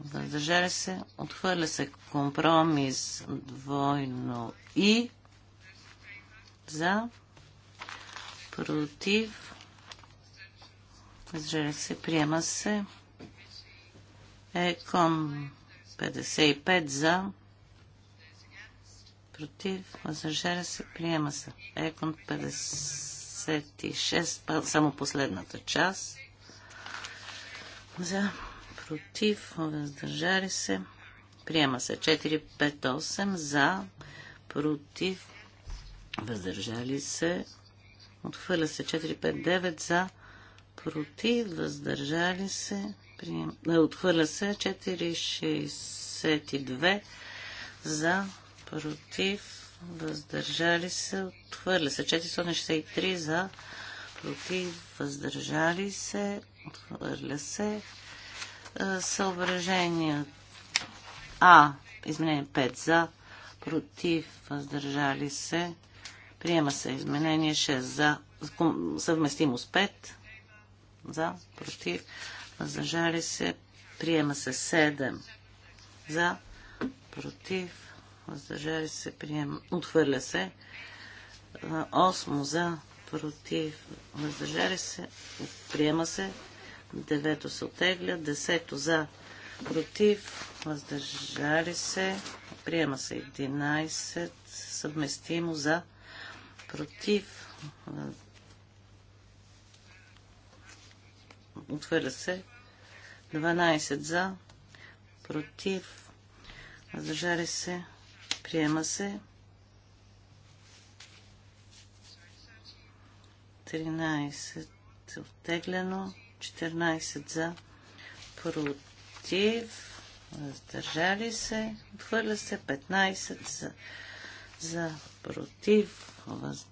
въздържали се отхвърля се компромис двойно и за против Въздържали се. Приема се. Еком 55 за. Против. Въздържали се. Приема се. Еком 56. Само последната част. За. Против. Въздържали се. Приема се. 458 за. Против. Въздържали се. Отхвърля се 459 за против, въздържали се, прием... отхвърля се 4,62 за, против, въздържали се, отхвърля се 463 за, против, въздържали се, отхвърля се. Съображения А, изменение 5 за, против, въздържали се, приема се изменение 6 за, съвместимост 5 за, против, въздържали се, приема се 7 за, против, въздържали се, приема, отхвърля се, 8 за, против, въздържали се, приема се, 9 се отегля, 10 за, против, въздържали се, приема се 11, съвместимо за, против, отвърля се. 12 за. Против. Въздържали се. Приема се. 13 оттеглено. 14 за. Против. Въздържали се. отвърля се. 15 за. За. Против. Въздържали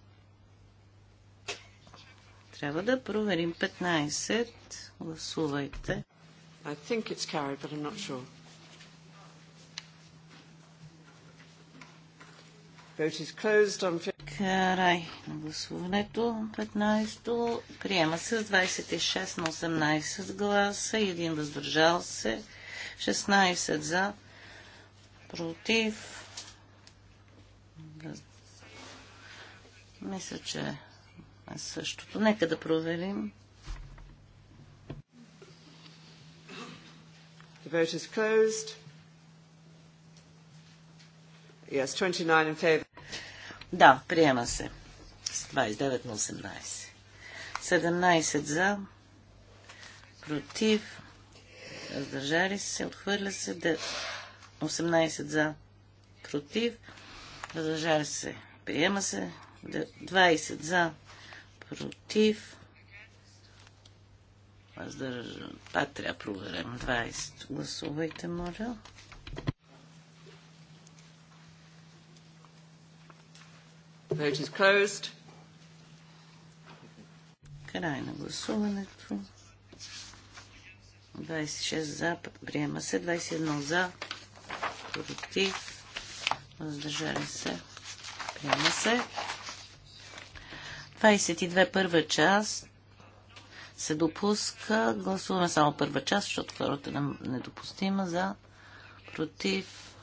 трябва да проверим 15. Гласувайте. I think it's carried, but I'm not sure. Vote is closed on... Край на гласуването. 15-то. Приема се с 26 на 18 гласа и един въздържал се. 16 за. Против. Мисля, че е същото. Нека да проверим. vote is closed. Yes, 29 in favor. Да, приема се. С 29 на 18. 17 за, против, въздържали се, отхвърля се, 18 за, против, въздържали се, приема се, 20 за, против, Въздържа. Па трябва да проверим. 20. Гласувайте, моля. Vote is closed. Край на гласуването. 26 за. Приема се. 21 за. Против. Въздържали се. Приема се. 22 първа част се допуска. Гласуваме само първа част, защото втората е недопустима за против.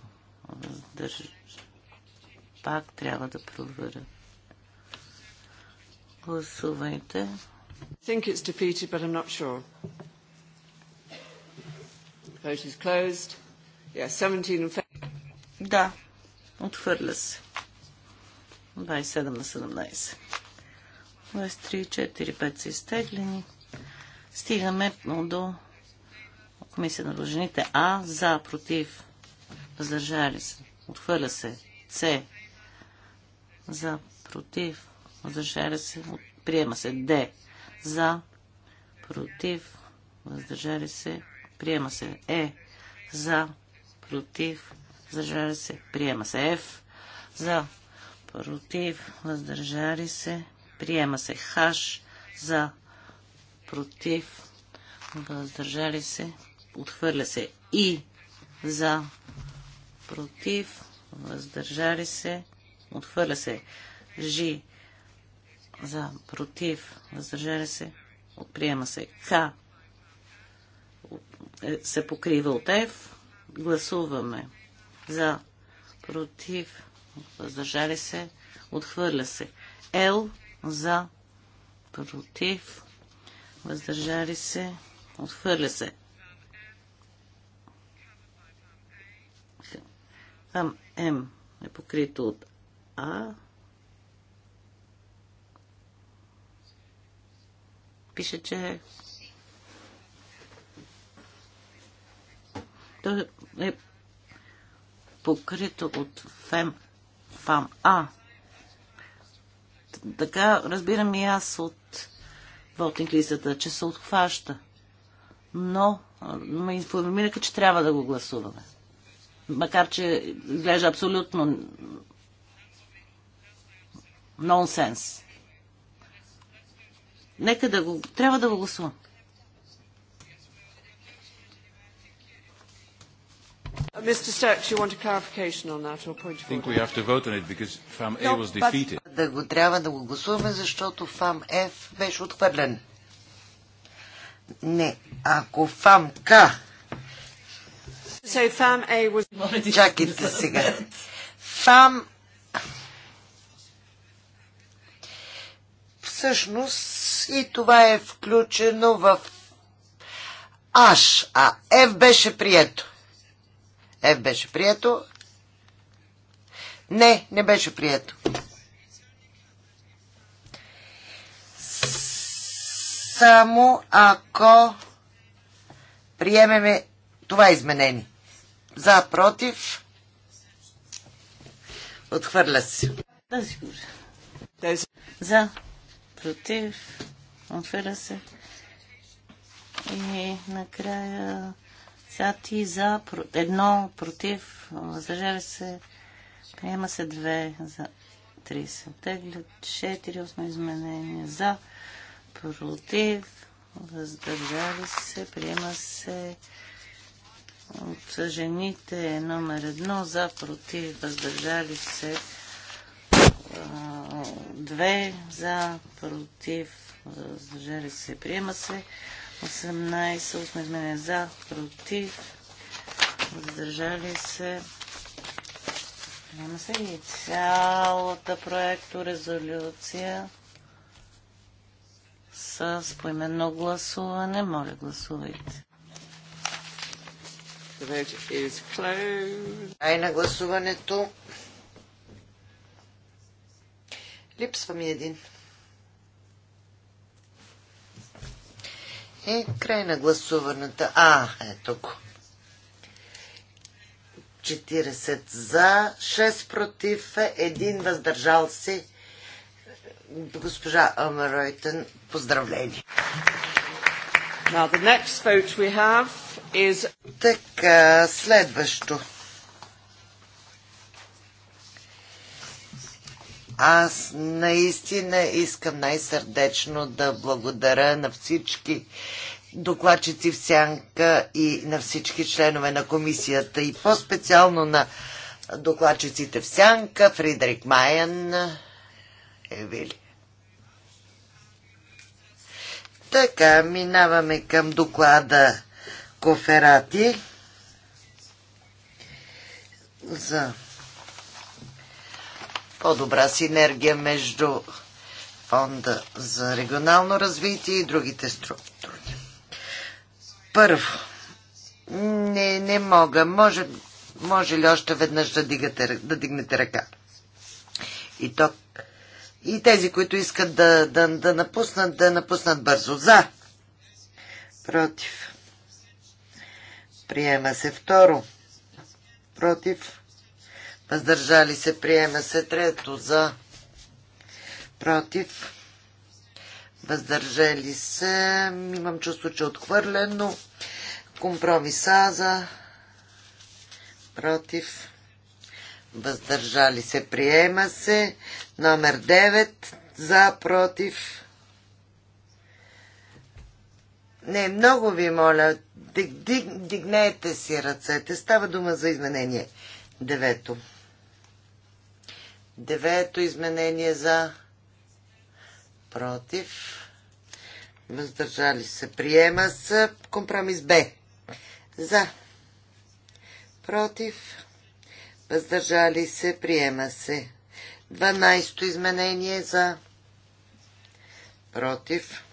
Пак трябва да проверя. Гласувайте. Think it's defeated, but I'm not sure. Vote is closed. Yeah, 17 Да, отхвърля се. 27 на 17. 23, 4, 5 са изтеглени. Стигаме до Комисия на дължините А. За, против, въздържали се. Отхвърля се. С. За, против, въздържали се. Приема се. Д. За, против, въздържали се. Приема се. Е. За, против, въздържали се. Приема се. Ф. За, против, въздържали се. Приема се. Х, За, против, въздържали се, отхвърля се и за, против, въздържали се, отхвърля се, жи, за, против, въздържали се, отприема се, к, е, се покрива от F, гласуваме за, против, въздържали се, отхвърля се, L за, против, въздържали се, отхвърля се. Там М е покрито от А. Пише, че то е покрито от ФЕМ, ФАМ А. Така разбирам и аз от вотинг листата, че се отхваща. Но ме информираха, че трябва да го гласуваме. Макар, че изглежда абсолютно нонсенс. Нека да го... Трябва да го гласувам. Uh, Mr. Stokes, you want a clarification on that or a point of order? I think we have to vote on it because FAM A was defeated да го трябва да го гласуваме, защото ФАМ Ф беше отхвърлен. Не, ако ФАМ К... So FAM A was... Чакайте сега. ФАМ... Всъщност и това е включено в Аш, а Ф беше прието. Ф беше прието. Не, не беше прието. само ако приемеме това изменение. За, против, отхвърля се. За, против, отхвърля се. И накрая сега ти за едно, против, въздържали се, приема се две за 30. Теглят 4, 8 изменения за против, въздържали се, приема се от жените номер едно, за, против, въздържали се, две, за, против, въздържали се, приема се, 18, мене за, против, въздържали се, приема се и цялата проекто резолюция с поименно гласуване. Моля, гласувайте. Ай на гласуването. Липсва ми един. И е, край на гласуването. А, ето го. 40 за, 6 против, 1 въздържал се госпожа Ройтен. поздравление. Now the next vote we have is... Така, следващо. Аз наистина искам най-сърдечно да благодаря на всички докладчици в сянка и на всички членове на комисията и по-специално на докладчиците в сянка, Фридрик Майен, Евели. Така, минаваме към доклада Коферати за по-добра синергия между Фонда за регионално развитие и другите структури. Първо, не, не мога. Може, може ли още веднъж да, дигате, да дигнете ръка? И то и тези, които искат да, да, да напуснат, да напуснат бързо. За. Против. Приема се второ. Против. Въздържали се. Приема се трето. За. Против. Въздържали се. Имам чувство, че е отхвърлено. Компромиса за. Против. Въздържали се. Приема се. Номер 9 за, против. Не, много ви моля, диг, диг, дигнете си ръцете. Става дума за изменение. Девето. Девето изменение за против. Въздържали се. Приема с компромис Б. За. Против. Въздържали се. Приема се. 12-то изменение за против.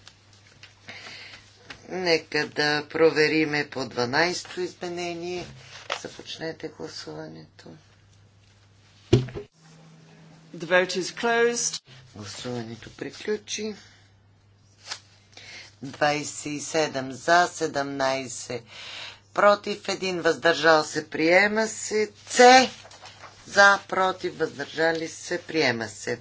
Нека да провериме по 12-то изменение. Започнете гласуването. The vote is closed. Гласуването приключи. 27 за, 17 против, 1 въздържал се, приема се. С за, против, въздържали се, приема се.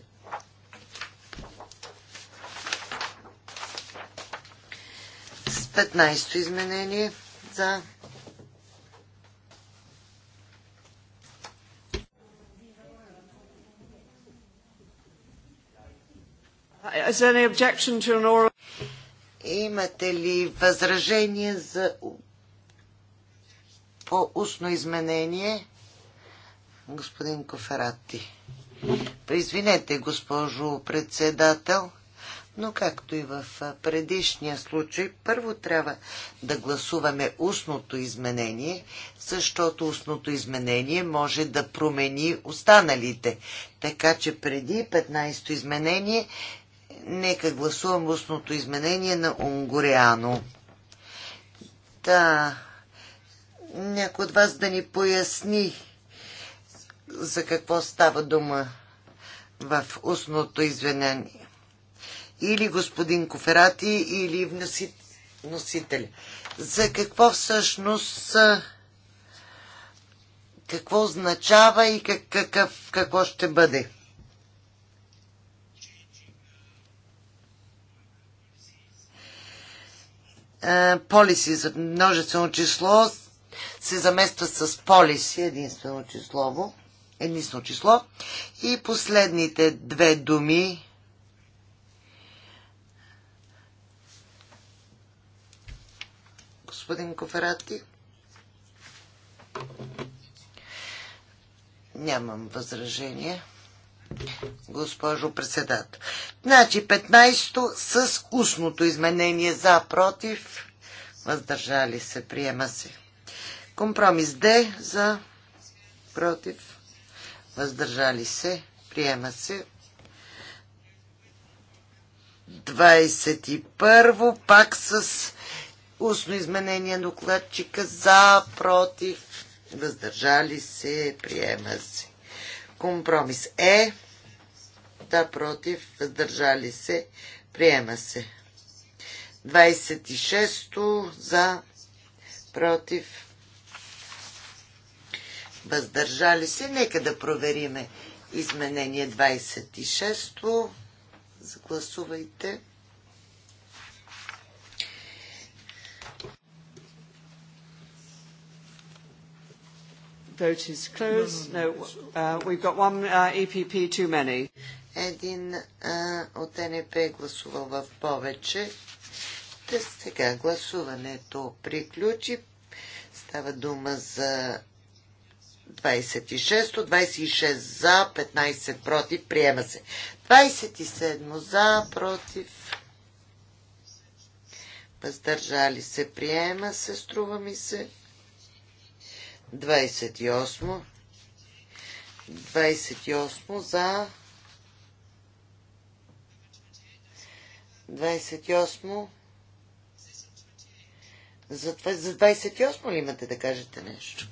С 15-то изменение за Имате ли възражение за по устно изменение? господин Коферати. Извинете, госпожо председател, но както и в предишния случай, първо трябва да гласуваме устното изменение, защото устното изменение може да промени останалите. Така че преди 15-то изменение, нека гласувам устното изменение на Унгоряно. Та, някой от вас да ни поясни за какво става дума в устното извинение. Или господин Коферати, или вносит, носители. За какво всъщност какво означава и как, какъв, какво ще бъде. Полиси за множествено число се замества с полиси, единствено числово единствено число. И последните две думи господин Коферати. Нямам възражение. Госпожо председател. Значи 15-то с устното изменение за, против, въздържали се, приема се. Компромис Д за, против, въздържали се, приема се. 21 во пак с устно изменение докладчика за, против, въздържали се, приема се. Компромис е, да, против, въздържали се, приема се. 26 за, против, въздържали се. Нека да провериме изменение 26-то. Загласувайте. Vote is closed. No, uh, we've got one uh, EPP too many. Един uh, от НП е гласувал в повече. Та сега гласуването приключи. Става дума за 26, 26 за, 15 против, приема се. 27 за, против, въздържали се, приема се, струва ми се. 28, 28 за, 28 за, за 28 ли имате да кажете нещо?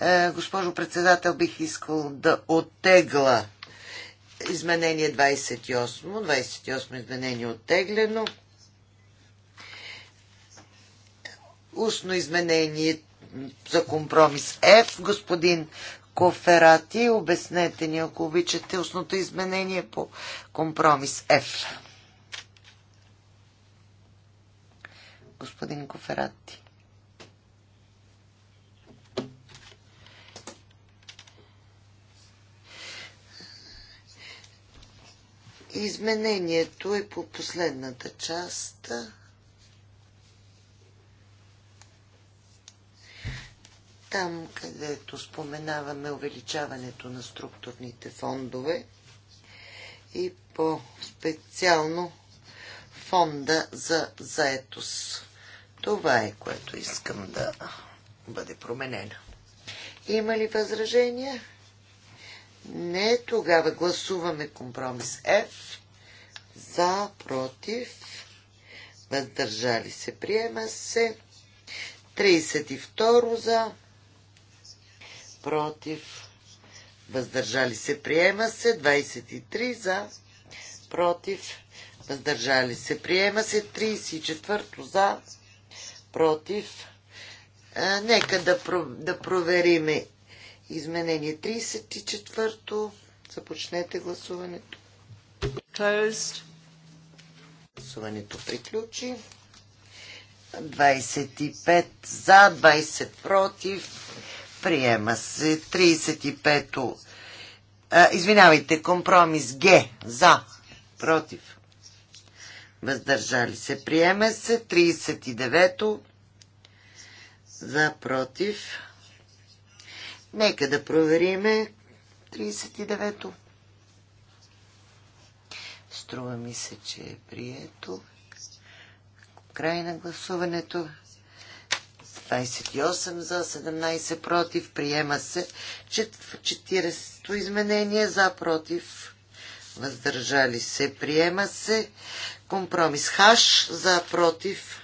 Е, госпожо председател, бих искал да оттегла изменение 28. 28 изменение е оттеглено. Устно изменение за компромис F. Господин Коферати, обяснете ни, ако обичате, устното изменение по компромис F. Господин Коферати. Изменението е по последната част. Там, където споменаваме увеличаването на структурните фондове и по-специално фонда за заетост. Това е, което искам да бъде променено. Има ли възражения? Не, тогава гласуваме компромис F. За, против, въздържали се, приема се. 32 за, против, въздържали се, приема се. 23 за, против, въздържали се, приема се. 34 за, против. А, нека да, да провериме Изменение 34-то. Започнете гласуването. Closed. Гласуването приключи. 25 за, 20 против. Приема се 35-то. Извинявайте, компромис Г. За, против. Въздържали се. Приема се 39-то. За, против Нека да провериме 39-то. Струва ми се, че е прието. Край на гласуването. 28 за 17 против. Приема се 40-то изменение за против. Въздържали се. Приема се. Компромис хаш за против.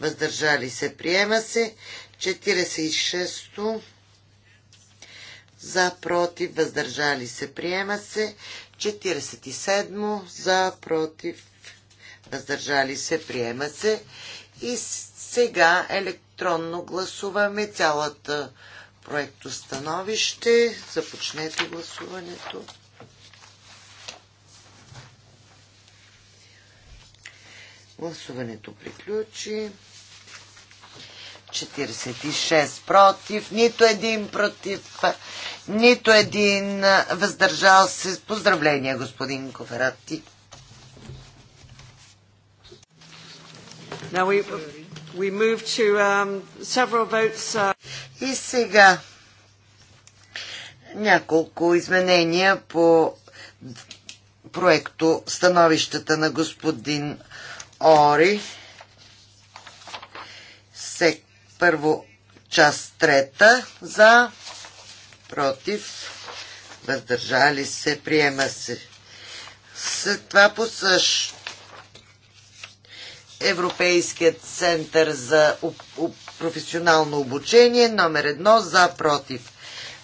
Въздържали се. Приема се. 46-то за против, въздържали се, приема се. 47 за против, въздържали се, приема се. И сега електронно гласуваме цялата становище. Започнете гласуването. Гласуването приключи. 46 против, нито един против, нито един въздържал се. Поздравления, господин Коферати. Now we, we move to um, votes. Uh... И сега няколко изменения по проекто становищата на господин Ори. Първо част трета за, против, въздържали се, приема се. След това по същ Европейският център за професионално обучение, номер едно, за, против,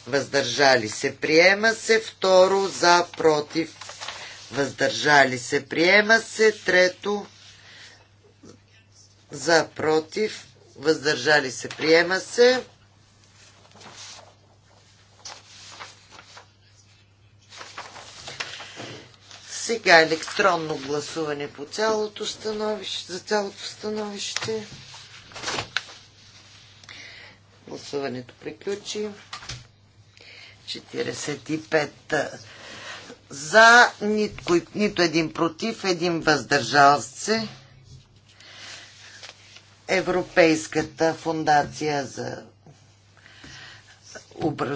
въздържали се, приема се. Второ, за, против, въздържали се, приема се. Трето, за, против, въздържали се, приема се. Сега електронно гласуване по цялото становище, за цялото становище. Гласуването приключи. 45 за, нито, нито един против, един въздържал се. Европейската фундация за,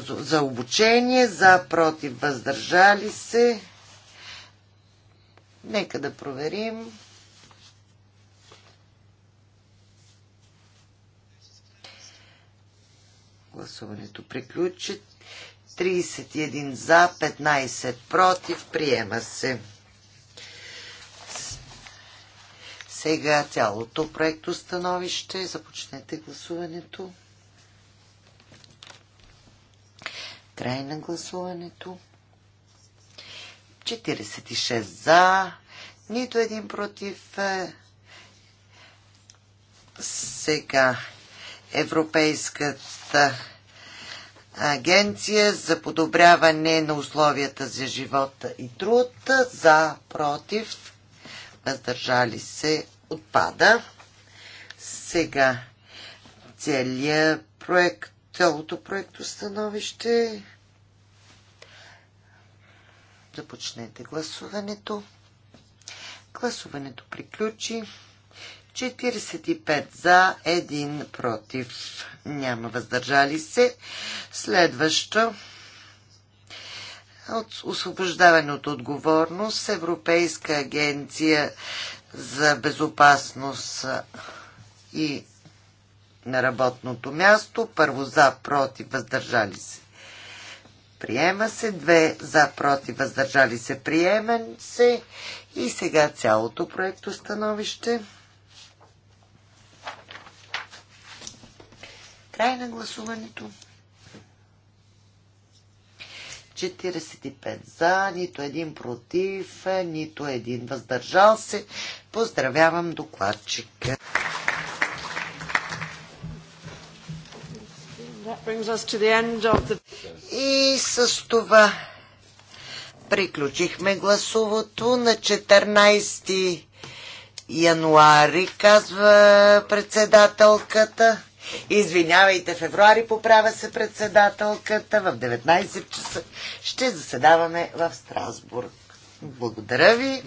за обучение, за против въздържали се. Нека да проверим. Гласуването приключи. 31 за, 15 против. Приема се. Сега цялото проекто становище. Започнете гласуването. Край на гласуването. 46 за, нито един против. Сега Европейската агенция за подобряване на условията за живота и труд за, против, въздържали се, отпада. Сега целият проект, цялото проекто становище. Започнете гласуването. Гласуването приключи. 45 за, 1 против. Няма въздържали се. Следващо. От освобождаване от отговорност Европейска агенция за безопасност и на работното място. Първо за, против, въздържали се. Приема се. Две за, против, въздържали се. Приемен се. И сега цялото проекто становище. Край на гласуването. 45 за, нито един против, е, нито един въздържал се. Поздравявам докладчика. И с това приключихме гласовото на 14 януари, казва председателката. Извинявайте, февруари поправя се председателката. В 19 часа ще заседаваме в Страсбург. Благодаря ви.